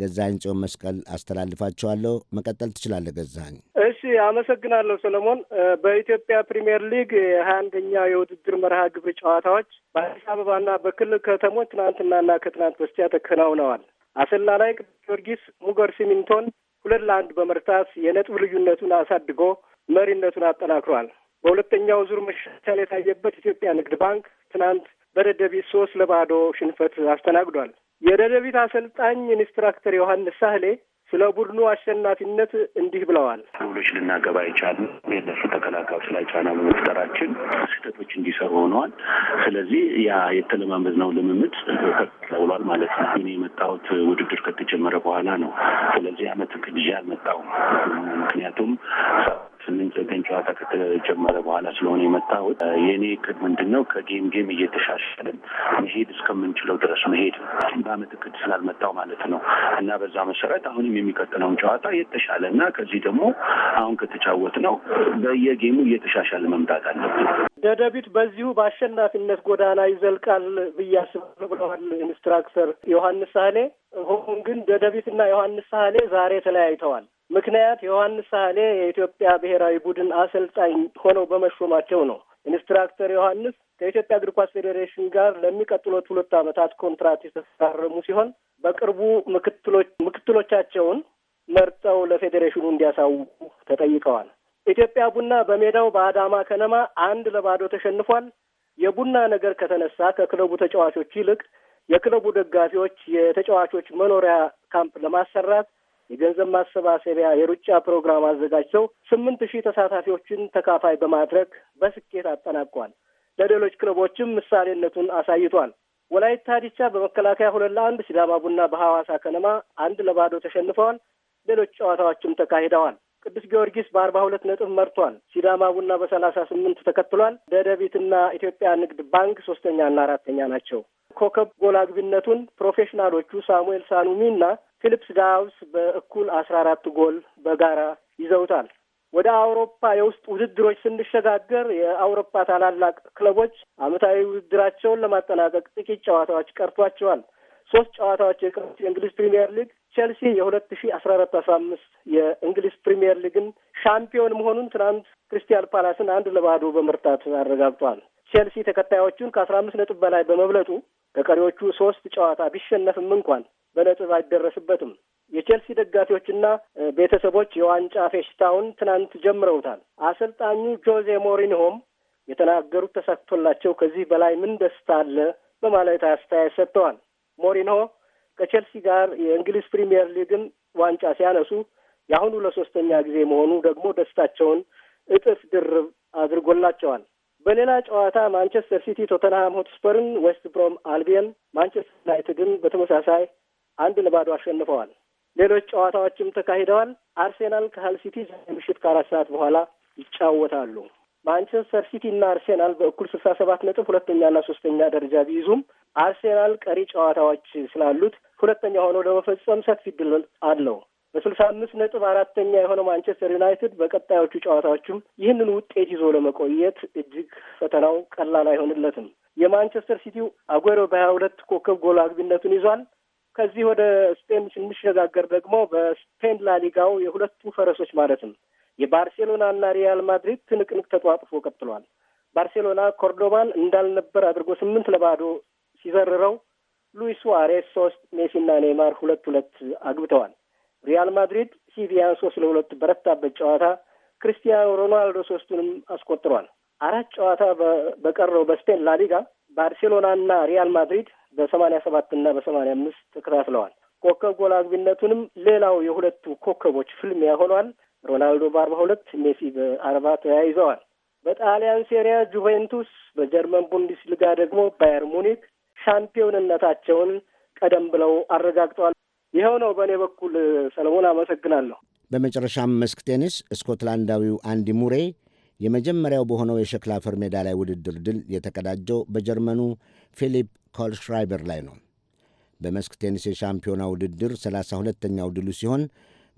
ገዛኝ ጽዮን መስቀል አስተላልፋቸዋለሁ። መቀጠል ትችላለህ ገዛኝ። እሺ፣ አመሰግናለሁ ሰለሞን። በኢትዮጵያ ፕሪምየር ሊግ የሀያ አንደኛ የውድድር መርሃ ግብር ጨዋታዎች በአዲስ አበባና በክልል ከተሞች ትናንትናና ከትናንት በስቲያ ተከናውነዋል። አሰላ ላይ ቅዱስ ጊዮርጊስ ሙገር ሲሚንቶን ሁለት ለአንድ በመርታት የነጥብ ልዩነቱን አሳድጎ መሪነቱን አጠናክሯል። በሁለተኛው ዙር መሻሻል የታየበት ኢትዮጵያ ንግድ ባንክ ትናንት በደደቢት ሶስት ለባዶ ሽንፈት አስተናግዷል። የደደቢት አሰልጣኝ ኢንስትራክተር ዮሐንስ ሳህሌ ስለ ቡድኑ አሸናፊነት እንዲህ ብለዋል። ጎሎች ልናገባ አይቻልም። የእነሱ ተከላካዮች ላይ ጫና በመፍጠራችን ስህተቶች እንዲሰሩ ሆነዋል። ስለዚህ ያ የተለማመድነው ልምምድ ተውሏል ማለት ነው። እኔ የመጣሁት ውድድር ከተጀመረ በኋላ ነው። ስለዚህ አመት ክልዣ አልመጣሁም። ምክንያቱም ስምንት ዘጠኝ ጨዋታ ከተጀመረ በኋላ ስለሆነ የመጣሁት የእኔ እቅድ ምንድን ነው ከጌም ጌም እየተሻሻልን መሄድ እስከምንችለው ድረስ መሄድ በአመት እቅድ ስላልመጣው ማለት ነው እና በዛ መሰረት አሁንም የሚቀጥለውን ጨዋታ የተሻለ እና ከዚህ ደግሞ አሁን ከተጫወት ነው በየጌሙ እየተሻሻል መምጣት አለብን። ደደቢት በዚሁ በአሸናፊነት ጎዳና ይዘልቃል ብዬ አስባለሁ ብለዋል ኢንስትራክተር ዮሐንስ ሳህሌ። ሆኖም ግን ደደቢት እና ዮሐንስ ሳህሌ ዛሬ ተለያይተዋል። ምክንያት ዮሐንስ ሳህሌ የኢትዮጵያ ብሔራዊ ቡድን አሰልጣኝ ሆነው በመሾማቸው ነው። ኢንስትራክተር ዮሐንስ ከኢትዮጵያ እግር ኳስ ፌዴሬሽን ጋር ለሚቀጥሉት ሁለት ዓመታት ኮንትራት የተፈራረሙ ሲሆን በቅርቡ ምክትሎች ምክትሎቻቸውን መርጠው ለፌዴሬሽኑ እንዲያሳውቁ ተጠይቀዋል። ኢትዮጵያ ቡና በሜዳው በአዳማ ከነማ አንድ ለባዶ ተሸንፏል። የቡና ነገር ከተነሳ ከክለቡ ተጫዋቾች ይልቅ የክለቡ ደጋፊዎች የተጫዋቾች መኖሪያ ካምፕ ለማሰራት የገንዘብ ማሰባሰቢያ የሩጫ ፕሮግራም አዘጋጅተው ስምንት ሺህ ተሳታፊዎችን ተካፋይ በማድረግ በስኬት አጠናቋል። ለሌሎች ክለቦችም ምሳሌነቱን አሳይቷል። ወላይታ ዲቻ በመከላከያ ሁለት ለአንድ፣ ሲዳማ ቡና በሐዋሳ ከነማ አንድ ለባዶ ተሸንፈዋል። ሌሎች ጨዋታዎችም ተካሂደዋል። ቅዱስ ጊዮርጊስ በአርባ ሁለት ነጥብ መርቷል። ሲዳማ ቡና በሰላሳ ስምንት ተከትሏል። ደደቢትና ኢትዮጵያ ንግድ ባንክ ሶስተኛና አራተኛ ናቸው። ኮከብ ጎል አግቢነቱን ፕሮፌሽናሎቹ ሳሙኤል ሳኑሚ እና ፊሊፕስ ዳውስ በእኩል አስራ አራት ጎል በጋራ ይዘውታል። ወደ አውሮፓ የውስጥ ውድድሮች ስንሸጋገር የአውሮፓ ታላላቅ ክለቦች ዓመታዊ ውድድራቸውን ለማጠናቀቅ ጥቂት ጨዋታዎች ቀርቷቸዋል። ሶስት ጨዋታዎች የቀሩት የእንግሊዝ ፕሪሚየር ሊግ ቼልሲ የሁለት ሺ አስራ አራት አስራ አምስት የእንግሊዝ ፕሪሚየር ሊግን ሻምፒዮን መሆኑን ትናንት ክርስቲያን ፓላስን አንድ ለባዶ በመርታት አረጋግጧል። ቼልሲ ተከታዮቹን ከአስራ አምስት ነጥብ በላይ በመብለጡ ከቀሪዎቹ ሶስት ጨዋታ ቢሸነፍም እንኳን በነጥብ አይደረስበትም። የቼልሲ ደጋፊዎችና ቤተሰቦች የዋንጫ ፌሽታውን ትናንት ጀምረውታል። አሰልጣኙ ጆዜ ሞሪንሆም የተናገሩት ተሳክቶላቸው ከዚህ በላይ ምን ደስታ አለ በማለት አስተያየት ሰጥተዋል። ሞሪኖ ከቼልሲ ጋር የእንግሊዝ ፕሪምየር ሊግን ዋንጫ ሲያነሱ የአሁኑ ለሶስተኛ ጊዜ መሆኑ ደግሞ ደስታቸውን እጥፍ ድርብ አድርጎላቸዋል። በሌላ ጨዋታ ማንቸስተር ሲቲ ቶተንሃም ሆትስፐርን፣ ዌስት ብሮም አልቢየን ማንቸስተር ዩናይትድን በተመሳሳይ አንድ ለባዶ አሸንፈዋል። ሌሎች ጨዋታዎችም ተካሂደዋል። አርሴናል ከሃል ሲቲ ምሽት ከአራት ሰዓት በኋላ ይጫወታሉ። ማንቸስተር ሲቲ እና አርሴናል በእኩል ስልሳ ሰባት ነጥብ ሁለተኛና ሶስተኛ ደረጃ ቢይዙም አርሴናል ቀሪ ጨዋታዎች ስላሉት ሁለተኛ ሆኖ ለመፈጸም ሰፊ ድል አለው። በስልሳ አምስት ነጥብ አራተኛ የሆነው ማንቸስተር ዩናይትድ በቀጣዮቹ ጨዋታዎችም ይህንን ውጤት ይዞ ለመቆየት እጅግ ፈተናው ቀላል አይሆንለትም። የማንቸስተር ሲቲው አጉዌሮ በሀያ ሁለት ኮከብ ጎል አግቢነቱን ይዟል። ከዚህ ወደ ስፔን ስንሸጋገር ደግሞ በስፔን ላሊጋው የሁለቱ ፈረሶች ማለትም የባርሴሎናና ሪያል ማድሪድ ትንቅንቅ ተጧጥፎ ቀጥሏል። ባርሴሎና ኮርዶባን እንዳልነበር አድርጎ ስምንት ለባዶ ሲዘርረው ሉዊስ ሱዋሬስ ሶስት፣ ሜሲና ኔይማር ሁለት ሁለት አግብተዋል። ሪያል ማድሪድ ሲቪያን ሶስት ለሁለት በረታበት ጨዋታ ክርስቲያኖ ሮናልዶ ሶስቱንም አስቆጥሯል። አራት ጨዋታ በቀረው በስፔን ላሊጋ ባርሴሎናና ሪያል ማድሪድ በሰማኒያ ና በሰማኒያ አምስት ተከታትለዋል። ኮከብ ጎል አግቢነቱንም ሌላው የሁለቱ ኮከቦች ፍልሚያ ሆኗል። ሮናልዶ በአርባ ሁለት ሜሲ በአርባ ተያይዘዋል። በጣሊያን ሴሪያ ጁቬንቱስ፣ በጀርመን ቡንደስሊጋ ደግሞ ባየር ሙኒክ ሻምፒዮንነታቸውን ቀደም ብለው አረጋግጠዋል። ይኸው ነው በእኔ በኩል ሰለሞን፣ አመሰግናለሁ። በመጨረሻም መስክ ቴኒስ ስኮትላንዳዊው አንዲ ሙሬ የመጀመሪያው በሆነው የሸክላ አፈር ሜዳ ላይ ውድድር ድል የተቀዳጀው በጀርመኑ ፊሊፕ ኮልሽራይበር ላይ ነው። በመስክ ቴኒስ የሻምፒዮና ውድድር ሰላሳ ሁለተኛው ድሉ ሲሆን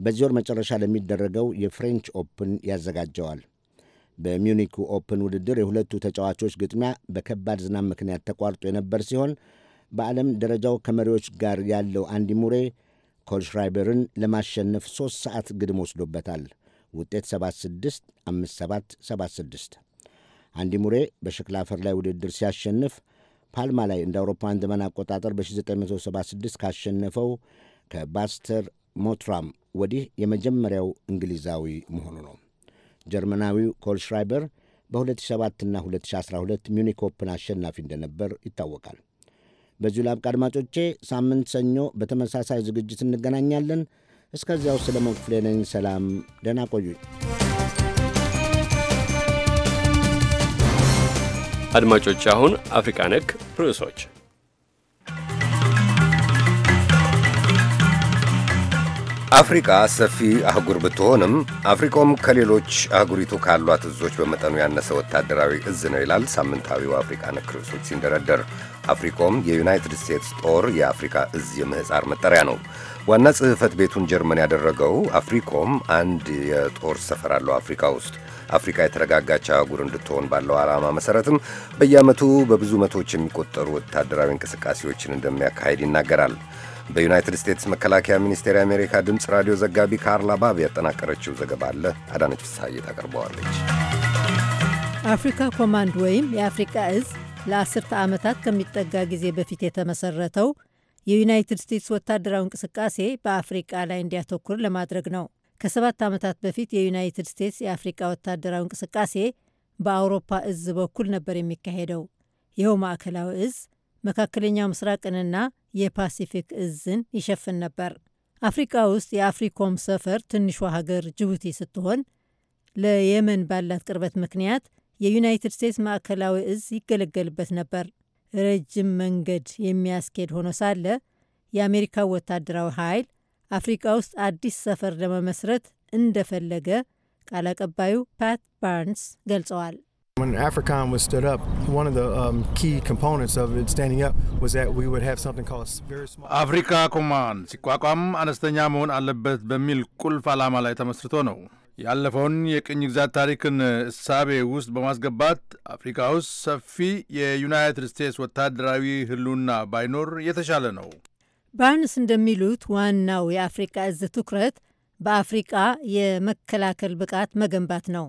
በዚህ ወር መጨረሻ ለሚደረገው የፍሬንች ኦፕን ያዘጋጀዋል። በሚኒክ ኦፕን ውድድር የሁለቱ ተጫዋቾች ግጥሚያ በከባድ ዝናብ ምክንያት ተቋርጦ የነበር ሲሆን በዓለም ደረጃው ከመሪዎች ጋር ያለው አንዲ ሙሬ ኮልሽራይበርን ለማሸነፍ ሦስት ሰዓት ግድም ወስዶበታል። ውጤት 76 57 76። አንዲ ሙሬ በሸክላ አፈር ላይ ውድድር ሲያሸንፍ ፓልማ ላይ እንደ አውሮፓውያን ዘመን አቆጣጠር በ1976 ካሸነፈው ከባስተር ሞትራም ወዲህ የመጀመሪያው እንግሊዛዊ መሆኑ ነው። ጀርመናዊው ኮል ሽራይበር በ2007ና 2012 ሚኒክ ኦፕን አሸናፊ እንደነበር ይታወቃል። በዚሁ ላብቃ አድማጮቼ። ሳምንት ሰኞ በተመሳሳይ ዝግጅት እንገናኛለን። እስከዚያው ሰለሞን ክፍሌ ነኝ። ሰላም፣ ደህና ቆዩኝ። አድማጮች አሁን አፍሪካ ነክ ርዕሶች አፍሪካ ሰፊ አህጉር ብትሆንም አፍሪቆም ከሌሎች አህጉሪቱ ካሏት እዞች በመጠኑ ያነሰ ወታደራዊ እዝ ነው ይላል ሳምንታዊው አፍሪቃ ነክ ርዕሶች ሲንደረደር። አፍሪቆም የዩናይትድ ስቴትስ ጦር የአፍሪካ እዝ የምህፃር መጠሪያ ነው። ዋና ጽህፈት ቤቱን ጀርመን ያደረገው አፍሪቆም አንድ የጦር ሰፈር አለው አፍሪካ ውስጥ። አፍሪካ የተረጋጋች አህጉር እንድትሆን ባለው ዓላማ መሠረትም በየዓመቱ በብዙ መቶዎች የሚቆጠሩ ወታደራዊ እንቅስቃሴዎችን እንደሚያካሄድ ይናገራል። በዩናይትድ ስቴትስ መከላከያ ሚኒስቴር የአሜሪካ ድምፅ ራዲዮ ዘጋቢ ካርላ ባብ ያጠናቀረችው ዘገባ አለ። አዳነች ፍስሐዬ ታቀርበዋለች። አፍሪካ ኮማንድ ወይም የአፍሪካ እዝ ለአስርተ ዓመታት ከሚጠጋ ጊዜ በፊት የተመሰረተው የዩናይትድ ስቴትስ ወታደራዊ እንቅስቃሴ በአፍሪቃ ላይ እንዲያተኩር ለማድረግ ነው። ከሰባት ዓመታት በፊት የዩናይትድ ስቴትስ የአፍሪቃ ወታደራዊ እንቅስቃሴ በአውሮፓ እዝ በኩል ነበር የሚካሄደው። ይኸው ማዕከላዊ እዝ መካከለኛው ምስራቅንና የፓሲፊክ እዝን ይሸፍን ነበር። አፍሪቃ ውስጥ የአፍሪኮም ሰፈር ትንሿ ሀገር ጅቡቲ ስትሆን ለየመን ባላት ቅርበት ምክንያት የዩናይትድ ስቴትስ ማዕከላዊ እዝ ይገለገልበት ነበር። ረጅም መንገድ የሚያስኬድ ሆኖ ሳለ የአሜሪካ ወታደራዊ ኃይል አፍሪቃ ውስጥ አዲስ ሰፈር ለመመስረት እንደፈለገ ቃል አቀባዩ ፓት ባርንስ ገልጸዋል። When AFRICOM was stood up, one of the um, key components of it standing up was that we would have something called a very small... አፍሪካ ኮማን ሲቋቋም አነስተኛ መሆን አለበት በሚል ቁልፍ ዓላማ ላይ ተመስርቶ ነው። ያለፈውን የቅኝ ግዛት ታሪክን እሳቤ ውስጥ በማስገባት አፍሪካ ውስጥ ሰፊ የዩናይትድ ስቴትስ ወታደራዊ ህልውና ባይኖር የተሻለ ነው። ባርንስ እንደሚሉት ዋናው የአፍሪካ እዝ ትኩረት በአፍሪቃ የመከላከል ብቃት መገንባት ነው።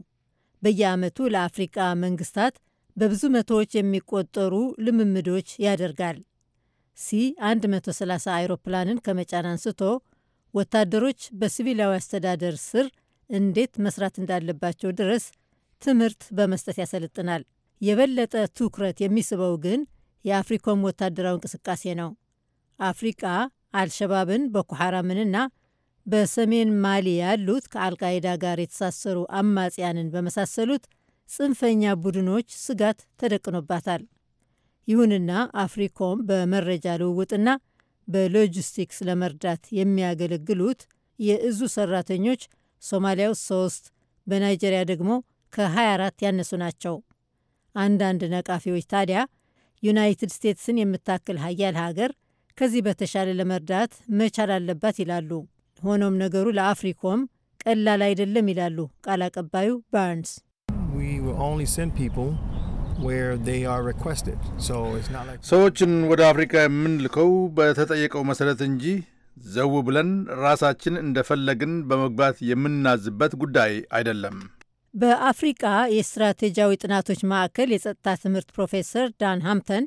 በየዓመቱ ለአፍሪቃ መንግስታት በብዙ መቶዎች የሚቆጠሩ ልምምዶች ያደርጋል። ሲ 130 አይሮፕላንን ከመጫን አንስቶ ወታደሮች በሲቪላዊ አስተዳደር ስር እንዴት መስራት እንዳለባቸው ድረስ ትምህርት በመስጠት ያሰለጥናል። የበለጠ ትኩረት የሚስበው ግን የአፍሪኮም ወታደራዊ እንቅስቃሴ ነው። አፍሪቃ አልሸባብን፣ ቦኮ ሐራምንና በሰሜን ማሊ ያሉት ከአልቃይዳ ጋር የተሳሰሩ አማጽያንን በመሳሰሉት ጽንፈኛ ቡድኖች ስጋት ተደቅኖባታል። ይሁንና አፍሪኮም በመረጃ ልውውጥና በሎጂስቲክስ ለመርዳት የሚያገለግሉት የእዙ ሰራተኞች ሶማሊያ ውስጥ ሶስት በናይጀሪያ ደግሞ ከ24 ያነሱ ናቸው። አንዳንድ ነቃፊዎች ታዲያ ዩናይትድ ስቴትስን የምታክል ሀያል ሀገር ከዚህ በተሻለ ለመርዳት መቻል አለባት ይላሉ። ሆኖም ነገሩ ለአፍሪኮም ቀላል አይደለም ይላሉ ቃል አቀባዩ ባርንስ። ሰዎችን ወደ አፍሪካ የምንልከው በተጠየቀው መሰረት እንጂ ዘው ብለን ራሳችን እንደፈለግን በመግባት የምናዝበት ጉዳይ አይደለም። በአፍሪቃ የስትራቴጂያዊ ጥናቶች ማዕከል የጸጥታ ትምህርት ፕሮፌሰር ዳን ሃምተን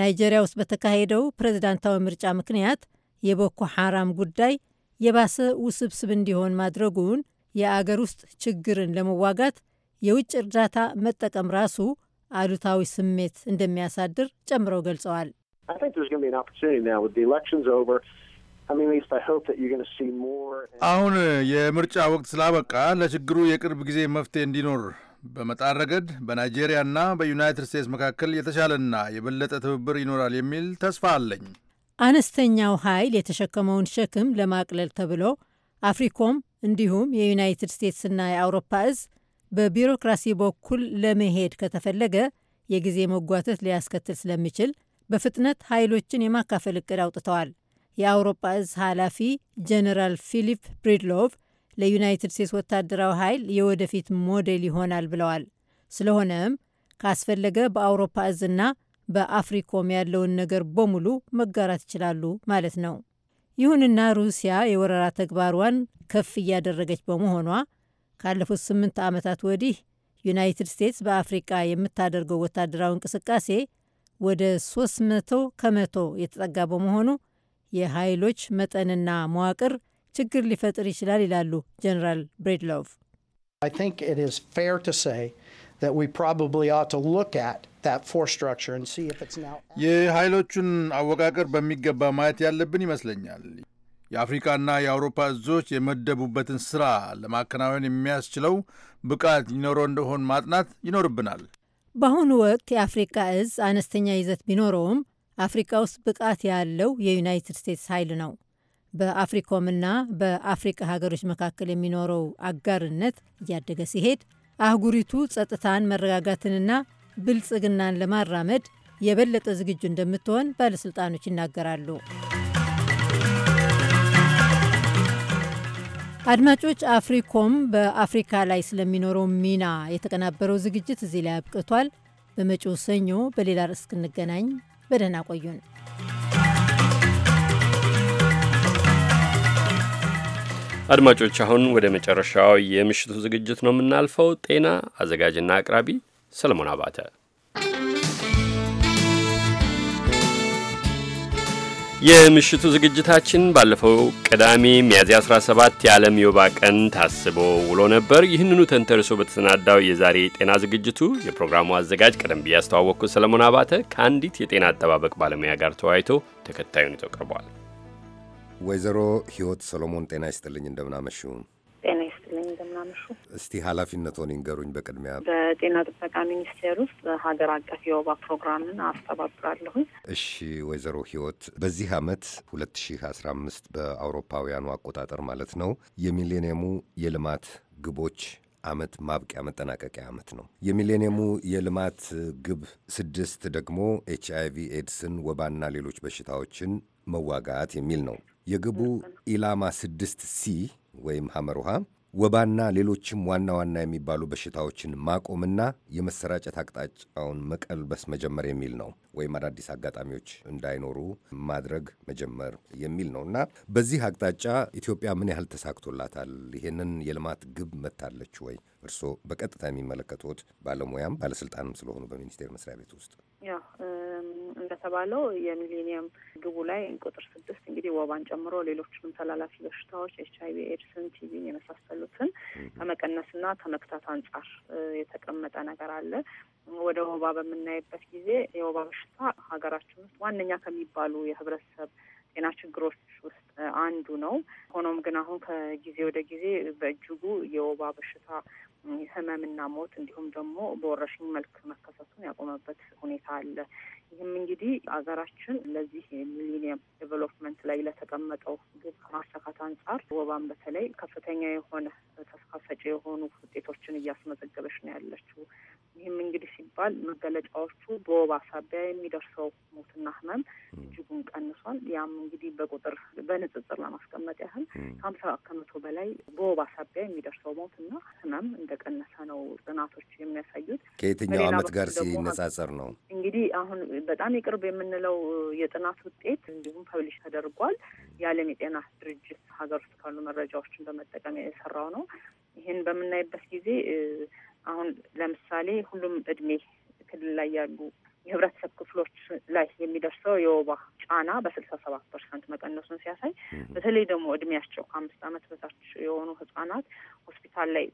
ናይጄሪያ ውስጥ በተካሄደው ፕሬዝዳንታዊ ምርጫ ምክንያት የቦኮ ሐራም ጉዳይ የባሰ ውስብስብ እንዲሆን ማድረጉን የአገር ውስጥ ችግርን ለመዋጋት የውጭ እርዳታ መጠቀም ራሱ አሉታዊ ስሜት እንደሚያሳድር ጨምረው ገልጸዋል። አሁን የምርጫ ወቅት ስላበቃ ለችግሩ የቅርብ ጊዜ መፍትሄ እንዲኖር በመጣር ረገድ በናይጄሪያና በዩናይትድ ስቴትስ መካከል የተሻለና የበለጠ ትብብር ይኖራል የሚል ተስፋ አለኝ። አነስተኛው ኃይል የተሸከመውን ሸክም ለማቅለል ተብሎ አፍሪኮም እንዲሁም የዩናይትድ ስቴትስና የአውሮፓ እዝ በቢሮክራሲ በኩል ለመሄድ ከተፈለገ የጊዜ መጓተት ሊያስከትል ስለሚችል በፍጥነት ኃይሎችን የማካፈል እቅድ አውጥተዋል። የአውሮፓ እዝ ኃላፊ ጀነራል ፊሊፕ ብሪድሎቭ ለዩናይትድ ስቴትስ ወታደራዊ ኃይል የወደፊት ሞዴል ይሆናል ብለዋል። ስለሆነም ካስፈለገ በአውሮፓ እዝና በአፍሪኮም ያለውን ነገር በሙሉ መጋራት ይችላሉ ማለት ነው። ይሁንና ሩሲያ የወረራ ተግባሯን ከፍ እያደረገች በመሆኗ ካለፉት ስምንት ዓመታት ወዲህ ዩናይትድ ስቴትስ በአፍሪቃ የምታደርገው ወታደራዊ እንቅስቃሴ ወደ 300 ከመቶ የተጠጋ በመሆኑ የኃይሎች መጠንና መዋቅር ችግር ሊፈጥር ይችላል ይላሉ ጀነራል ብሬድሎቭ። የኃይሎቹን አወቃቀር በሚገባ ማየት ያለብን ይመስለኛል። የአፍሪካና የአውሮፓ እዞች የመደቡበትን ሥራ ለማከናወን የሚያስችለው ብቃት ይኖረው እንደሆን ማጥናት ይኖርብናል። በአሁኑ ወቅት የአፍሪካ እዝ አነስተኛ ይዘት ቢኖረውም አፍሪካ ውስጥ ብቃት ያለው የዩናይትድ ስቴትስ ኃይል ነው። በአፍሪኮምና በአፍሪካ ሀገሮች መካከል የሚኖረው አጋርነት እያደገ ሲሄድ አህጉሪቱ ጸጥታን፣ መረጋጋትንና ብልጽግናን ለማራመድ የበለጠ ዝግጁ እንደምትሆን ባለሥልጣኖች ይናገራሉ። አድማጮች፣ አፍሪኮም በአፍሪካ ላይ ስለሚኖረው ሚና የተቀናበረው ዝግጅት እዚህ ላይ አብቅቷል። በመጪው ሰኞ በሌላ ርዕስ እስክንገናኝ በደህና ቆዩን። አድማጮች አሁን ወደ መጨረሻው የምሽቱ ዝግጅት ነው የምናልፈው። ጤና አዘጋጅና አቅራቢ ሰለሞን አባተ የምሽቱ ዝግጅታችን ባለፈው ቅዳሜ ሚያዝያ 17 የዓለም የወባ ቀን ታስቦ ውሎ ነበር። ይህንኑ ተንተርሶ በተሰናዳው የዛሬ የጤና ዝግጅቱ የፕሮግራሙ አዘጋጅ ቀደም ብዬ ያስተዋወቅኩት ሰለሞን አባተ ከአንዲት የጤና አጠባበቅ ባለሙያ ጋር ተወያይቶ ተከታዩን ይዘው ቀርቧል። ወይዘሮ ህይወት ሰሎሞን ጤና ይስጥልኝ፣ እንደምናመሽውን ይስጥልኝ። እንደምናመሹ። እስቲ ኃላፊነትዎን ይንገሩኝ በቅድሚያ። በጤና ጥበቃ ሚኒስቴር ውስጥ ሀገር አቀፍ የወባ ፕሮግራምን አስተባብራለሁኝ። እሺ ወይዘሮ ህይወት በዚህ አመት ሁለት ሺህ አስራ አምስት በአውሮፓውያኑ አቆጣጠር ማለት ነው የሚሌኒየሙ የልማት ግቦች አመት ማብቂያ መጠናቀቂያ አመት ነው። የሚሌኒየሙ የልማት ግብ ስድስት ደግሞ ኤች አይቪ ኤድስን፣ ወባና ሌሎች በሽታዎችን መዋጋት የሚል ነው። የግቡ ኢላማ ስድስት ሲ ወይም ሐመር ውሃ ወባና ሌሎችም ዋና ዋና የሚባሉ በሽታዎችን ማቆምና የመሰራጨት አቅጣጫውን መቀልበስ መጀመር የሚል ነው። ወይም አዳዲስ አጋጣሚዎች እንዳይኖሩ ማድረግ መጀመር የሚል ነው እና በዚህ አቅጣጫ ኢትዮጵያ ምን ያህል ተሳክቶላታል? ይሄንን የልማት ግብ መታለች ወይ? እርስዎ በቀጥታ የሚመለከቱት ባለሙያም ባለስልጣንም ስለሆኑ በሚኒስቴር መስሪያ ቤት ውስጥ እንደተባለው የሚሌኒየም ግቡ ላይ ቁጥር ስድስት እንግዲህ ወባን ጨምሮ ሌሎችንም ተላላፊ በሽታዎች ኤች አይቪ ኤድስን፣ ቲቪን የመሳሰሉትን ከመቀነስና ከመክታት አንጻር የተቀመጠ ነገር አለ። ወደ ወባ በምናይበት ጊዜ የወባ በሽታ ሀገራችን ውስጥ ዋነኛ ከሚባሉ የህብረተሰብ ጤና ችግሮች ውስጥ አንዱ ነው። ሆኖም ግን አሁን ከጊዜ ወደ ጊዜ በእጅጉ የወባ በሽታ ህመምና ሞት እንዲሁም ደግሞ በወረሽኝ መልክ መከሰቱን ያቆመበት ሁኔታ አለ። ይህም እንግዲህ አገራችን ለዚህ ሚሊኒየም ዴቨሎፕመንት ላይ ለተቀመጠው ግብ ከማሳካት አንጻር ወባን በተለይ ከፍተኛ የሆነ ተስፋ ሰጪ የሆኑ ውጤቶችን እያስመዘገበች ነው ያለችው። ይህም እንግዲህ ሲባል መገለጫዎቹ በወባ ሳቢያ የሚደርሰው ሞትና ህመም እጅጉን ቀንሷል። ያም እንግዲህ በቁጥር በንጽጽር ለማስቀመጥ ያህል ከሀምሳ ከመቶ በላይ በወባ ሳቢያ የሚደርሰው ሞትና ህመም እንደቀነሰ ነው ጥናቶች የሚያሳዩት። ከየትኛው ዓመት ጋር ሲነጻጸር ነው እንግዲህ አሁን በጣም የቅርብ የምንለው የጥናት ውጤት እንዲሁም ፐብሊሽ ተደርጓል። የዓለም የጤና ድርጅት ሀገር ውስጥ ካሉ መረጃዎችን በመጠቀም የሰራው ነው። ይህን በምናይበት ጊዜ አሁን ለምሳሌ ሁሉም እድሜ ክልል ላይ ያሉ የህብረተሰብ ክፍሎች ላይ የሚደርሰው የወባ ጫና በስልሳ ሰባት ፐርሰንት መቀነሱን ሲያሳይ በተለይ ደግሞ እድሜያቸው ከአምስት ዓመት በታች የሆኑ ህጻናት ሆስፒታል ላይ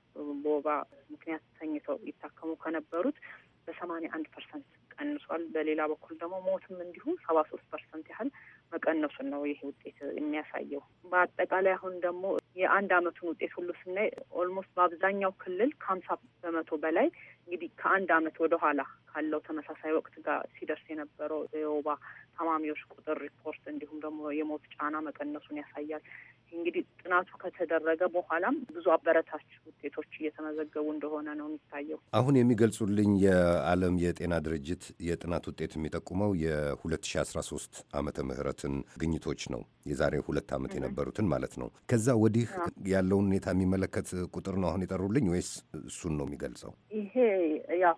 በወባ ምክንያት ተኝተው ይታከሙ ከነበሩት በሰማኒያ አንድ ፐርሰንት ቀንሷል። በሌላ በኩል ደግሞ ሞትም እንዲሁ ሰባ ሶስት ፐርሰንት ያህል መቀነሱን ነው ይሄ ውጤት የሚያሳየው። በአጠቃላይ አሁን ደግሞ የአንድ አመቱን ውጤት ሁሉ ስናይ ኦልሞስት በአብዛኛው ክልል ከሀምሳ በመቶ በላይ እንግዲህ ከአንድ ወደ ወደኋላ ካለው ተመሳሳይ ወቅት ጋር ሲደርስ የነበረው የወባ ታማሚዎች ቁጥር ሪፖርት እንዲሁም ደግሞ የሞት ጫና መቀነሱን ያሳያል። እንግዲህ ጥናቱ ከተደረገ በኋላም ብዙ አበረታች ውጤቶች እየተመዘገቡ እንደሆነ ነው የሚታየው። አሁን የሚገልጹልኝ የዓለም የጤና ድርጅት የጥናት ውጤት የሚጠቁመው የ2013 ዓመተ ምህረትን ግኝቶች ነው። የዛሬ ሁለት ዓመት የነበሩትን ማለት ነው። ከዛ ወዲህ ያለውን ሁኔታ የሚመለከት ቁጥር ነው አሁን የጠሩልኝ ወይስ እሱን ነው የሚገልጸው? ይሄ ያው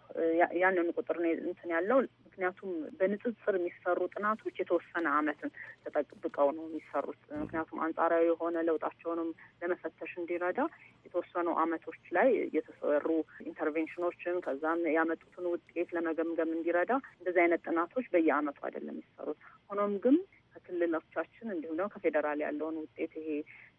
ያንን ቁጥር ነው እንትን ያለው ምክንያቱም በንጽጽር የሚሰሩ ጥናቶች የተወሰነ አመትን ተጠብቀው ነው የሚሰሩት። ምክንያቱም አንጻራዊ የሆነ ለውጣቸውንም ለመፈተሽ እንዲረዳ የተወሰኑ አመቶች ላይ የተሰሩ ኢንተርቬንሽኖችን ከዛም ያመጡትን ውጤት ለመገምገም እንዲረዳ እንደዚህ አይነት ጥናቶች በየአመቱ አይደለም የሚሰሩት። ሆኖም ግን ከክልሎቻችን እንዲሁም ደግሞ ከፌዴራል ያለውን ውጤት ይሄ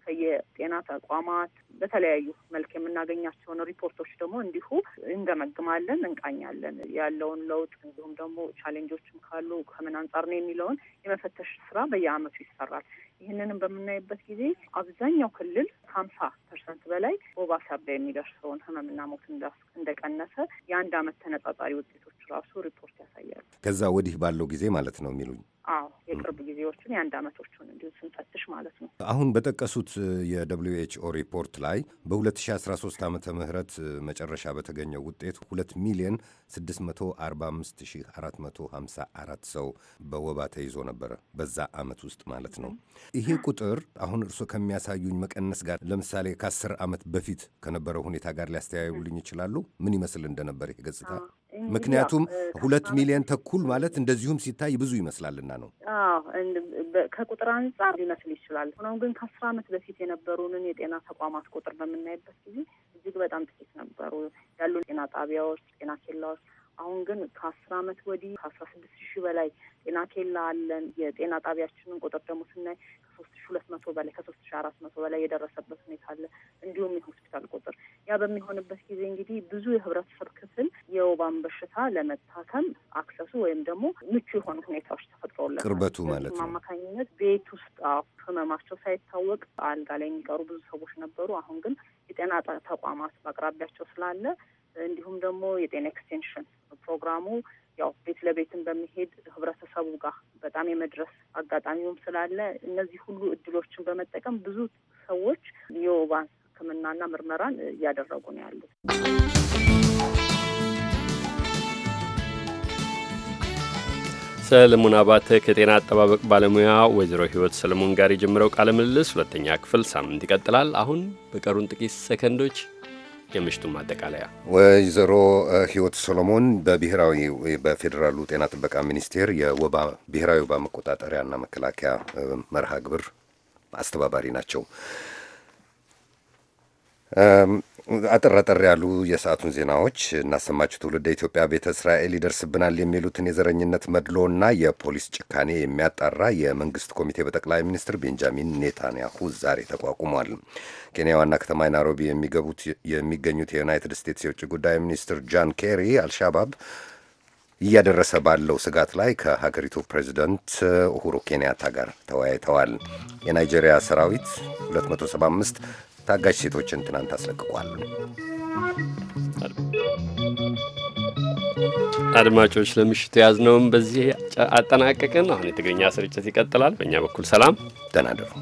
ከየጤና ተቋማት በተለያዩ መልክ የምናገኛቸውን ሪፖርቶች ደግሞ እንዲሁ እንገመግማለን፣ እንቃኛለን። ያለውን ለውጥ እንዲሁም ደግሞ ቻሌንጆችም ካሉ ከምን አንጻር ነው የሚለውን የመፈተሽ ስራ በየአመቱ ይሰራል። ይህንንም በምናይበት ጊዜ አብዛኛው ክልል ከሀምሳ ፐርሰንት በላይ ወባ ሳቢያ የሚደርሰውን ህመምና ሞት እንደቀነሰ የአንድ አመት ተነጻጻሪ ውጤቶች ራሱ ሪፖርት ያሳያሉ። ከዛ ወዲህ ባለው ጊዜ ማለት ነው የሚሉኝ? አዎ የቅርብ ጊዜዎቹን የአንድ አመቶቹን እንዲሁ ስንፈትሽ ማለት ነው። አሁን በጠቀሱት የደብሊዩ ኤች ኦ ሪፖርት ላይ በ2013 ዓመተ ምህረት መጨረሻ በተገኘው ውጤት 2 ሚሊዮን 645454 ሰው በወባ ተይዞ ነበረ በዛ አመት ውስጥ ማለት ነው። ይሄ ቁጥር አሁን እርስዎ ከሚያሳዩኝ መቀነስ ጋር ለምሳሌ ከአስር ዓመት በፊት ከነበረው ሁኔታ ጋር ሊያስተያዩልኝ ይችላሉ? ምን ይመስል እንደነበር ይሄ ገጽታ? ምክንያቱም ሁለት ሚሊዮን ተኩል ማለት እንደዚሁም ሲታይ ብዙ ይመስላልና ነው። ከቁጥር አንጻር ሊመስል ይችላል። ሆኖም ግን ከአስር ዓመት በፊት የነበሩንን የጤና ተቋማት ቁጥር በምናይበት ጊዜ እጅግ በጣም ጥቂት ነበሩ። ያሉ ጤና ጣቢያዎች፣ ጤና ኬላዎች አሁን ግን ከአስር አመት ወዲህ ከአስራ ስድስት ሺህ በላይ ጤና ኬላ አለን። የጤና ጣቢያችንን ቁጥር ደግሞ ስናይ ከሶስት ሺ ሁለት መቶ በላይ ከሶስት ሺ አራት መቶ በላይ የደረሰበት ሁኔታ አለ። እንዲሁም የሆስፒታል ቁጥር ያ በሚሆንበት ጊዜ እንግዲህ ብዙ የህብረተሰብ ክፍል የወባን በሽታ ለመታከም አክሰሱ ወይም ደግሞ ምቹ የሆኑ ሁኔታዎች ተፈጥሮለ ቅርበቱ ማለት ነው። አማካኝነት ቤት ውስጥ ህመማቸው ሳይታወቅ አልጋ ላይ የሚቀሩ ብዙ ሰዎች ነበሩ። አሁን ግን የጤና ተቋማት በአቅራቢያቸው ስላለ እንዲሁም ደግሞ የጤና ኤክስቴንሽን ፕሮግራሙ ያው ቤት ለቤትን በመሄድ ህብረተሰቡ ጋር በጣም የመድረስ አጋጣሚውም ስላለ እነዚህ ሁሉ እድሎችን በመጠቀም ብዙ ሰዎች የወባን ሕክምናና ምርመራን እያደረጉ ነው ያሉት። ሰለሞን አባተ ከጤና አጠባበቅ ባለሙያ ወይዘሮ ህይወት ሰለሞን ጋር የጀመረው ቃለ ምልልስ ሁለተኛ ክፍል ሳምንት ይቀጥላል። አሁን በቀሩን ጥቂት ሰከንዶች የምሽቱ ማጠቃለያ ወይዘሮ ህይወት ሶሎሞን በብሔራዊ በፌዴራሉ ጤና ጥበቃ ሚኒስቴር የወባ ብሔራዊ ወባ መቆጣጠሪያና መከላከያ መርሃ ግብር አስተባባሪ ናቸው። አጠር አጠር ያሉ የሰዓቱን ዜናዎች እናሰማችሁ። ትውልደ ኢትዮጵያ ቤተ እስራኤል ይደርስብናል የሚሉትን የዘረኝነት መድሎና የፖሊስ ጭካኔ የሚያጣራ የመንግስት ኮሚቴ በጠቅላይ ሚኒስትር ቤንጃሚን ኔታንያሁ ዛሬ ተቋቁሟል። ኬንያ ዋና ከተማ ናይሮቢ የሚገኙት የዩናይትድ ስቴትስ የውጭ ጉዳይ ሚኒስትር ጃን ኬሪ አልሻባብ እያደረሰ ባለው ስጋት ላይ ከሀገሪቱ ፕሬዚደንት ኡሁሩ ኬንያታ ጋር ተወያይተዋል። የናይጄሪያ ሰራዊት 275 ታጋሽ ሴቶችን ትናንት አስለቅቋል። አድማጮች ለምሽቱ ያዝነውም በዚህ አጠናቀቅን። አሁን የትግርኛ ስርጭት ይቀጥላል። በእኛ በኩል ሰላም፣ ደህና ደሩ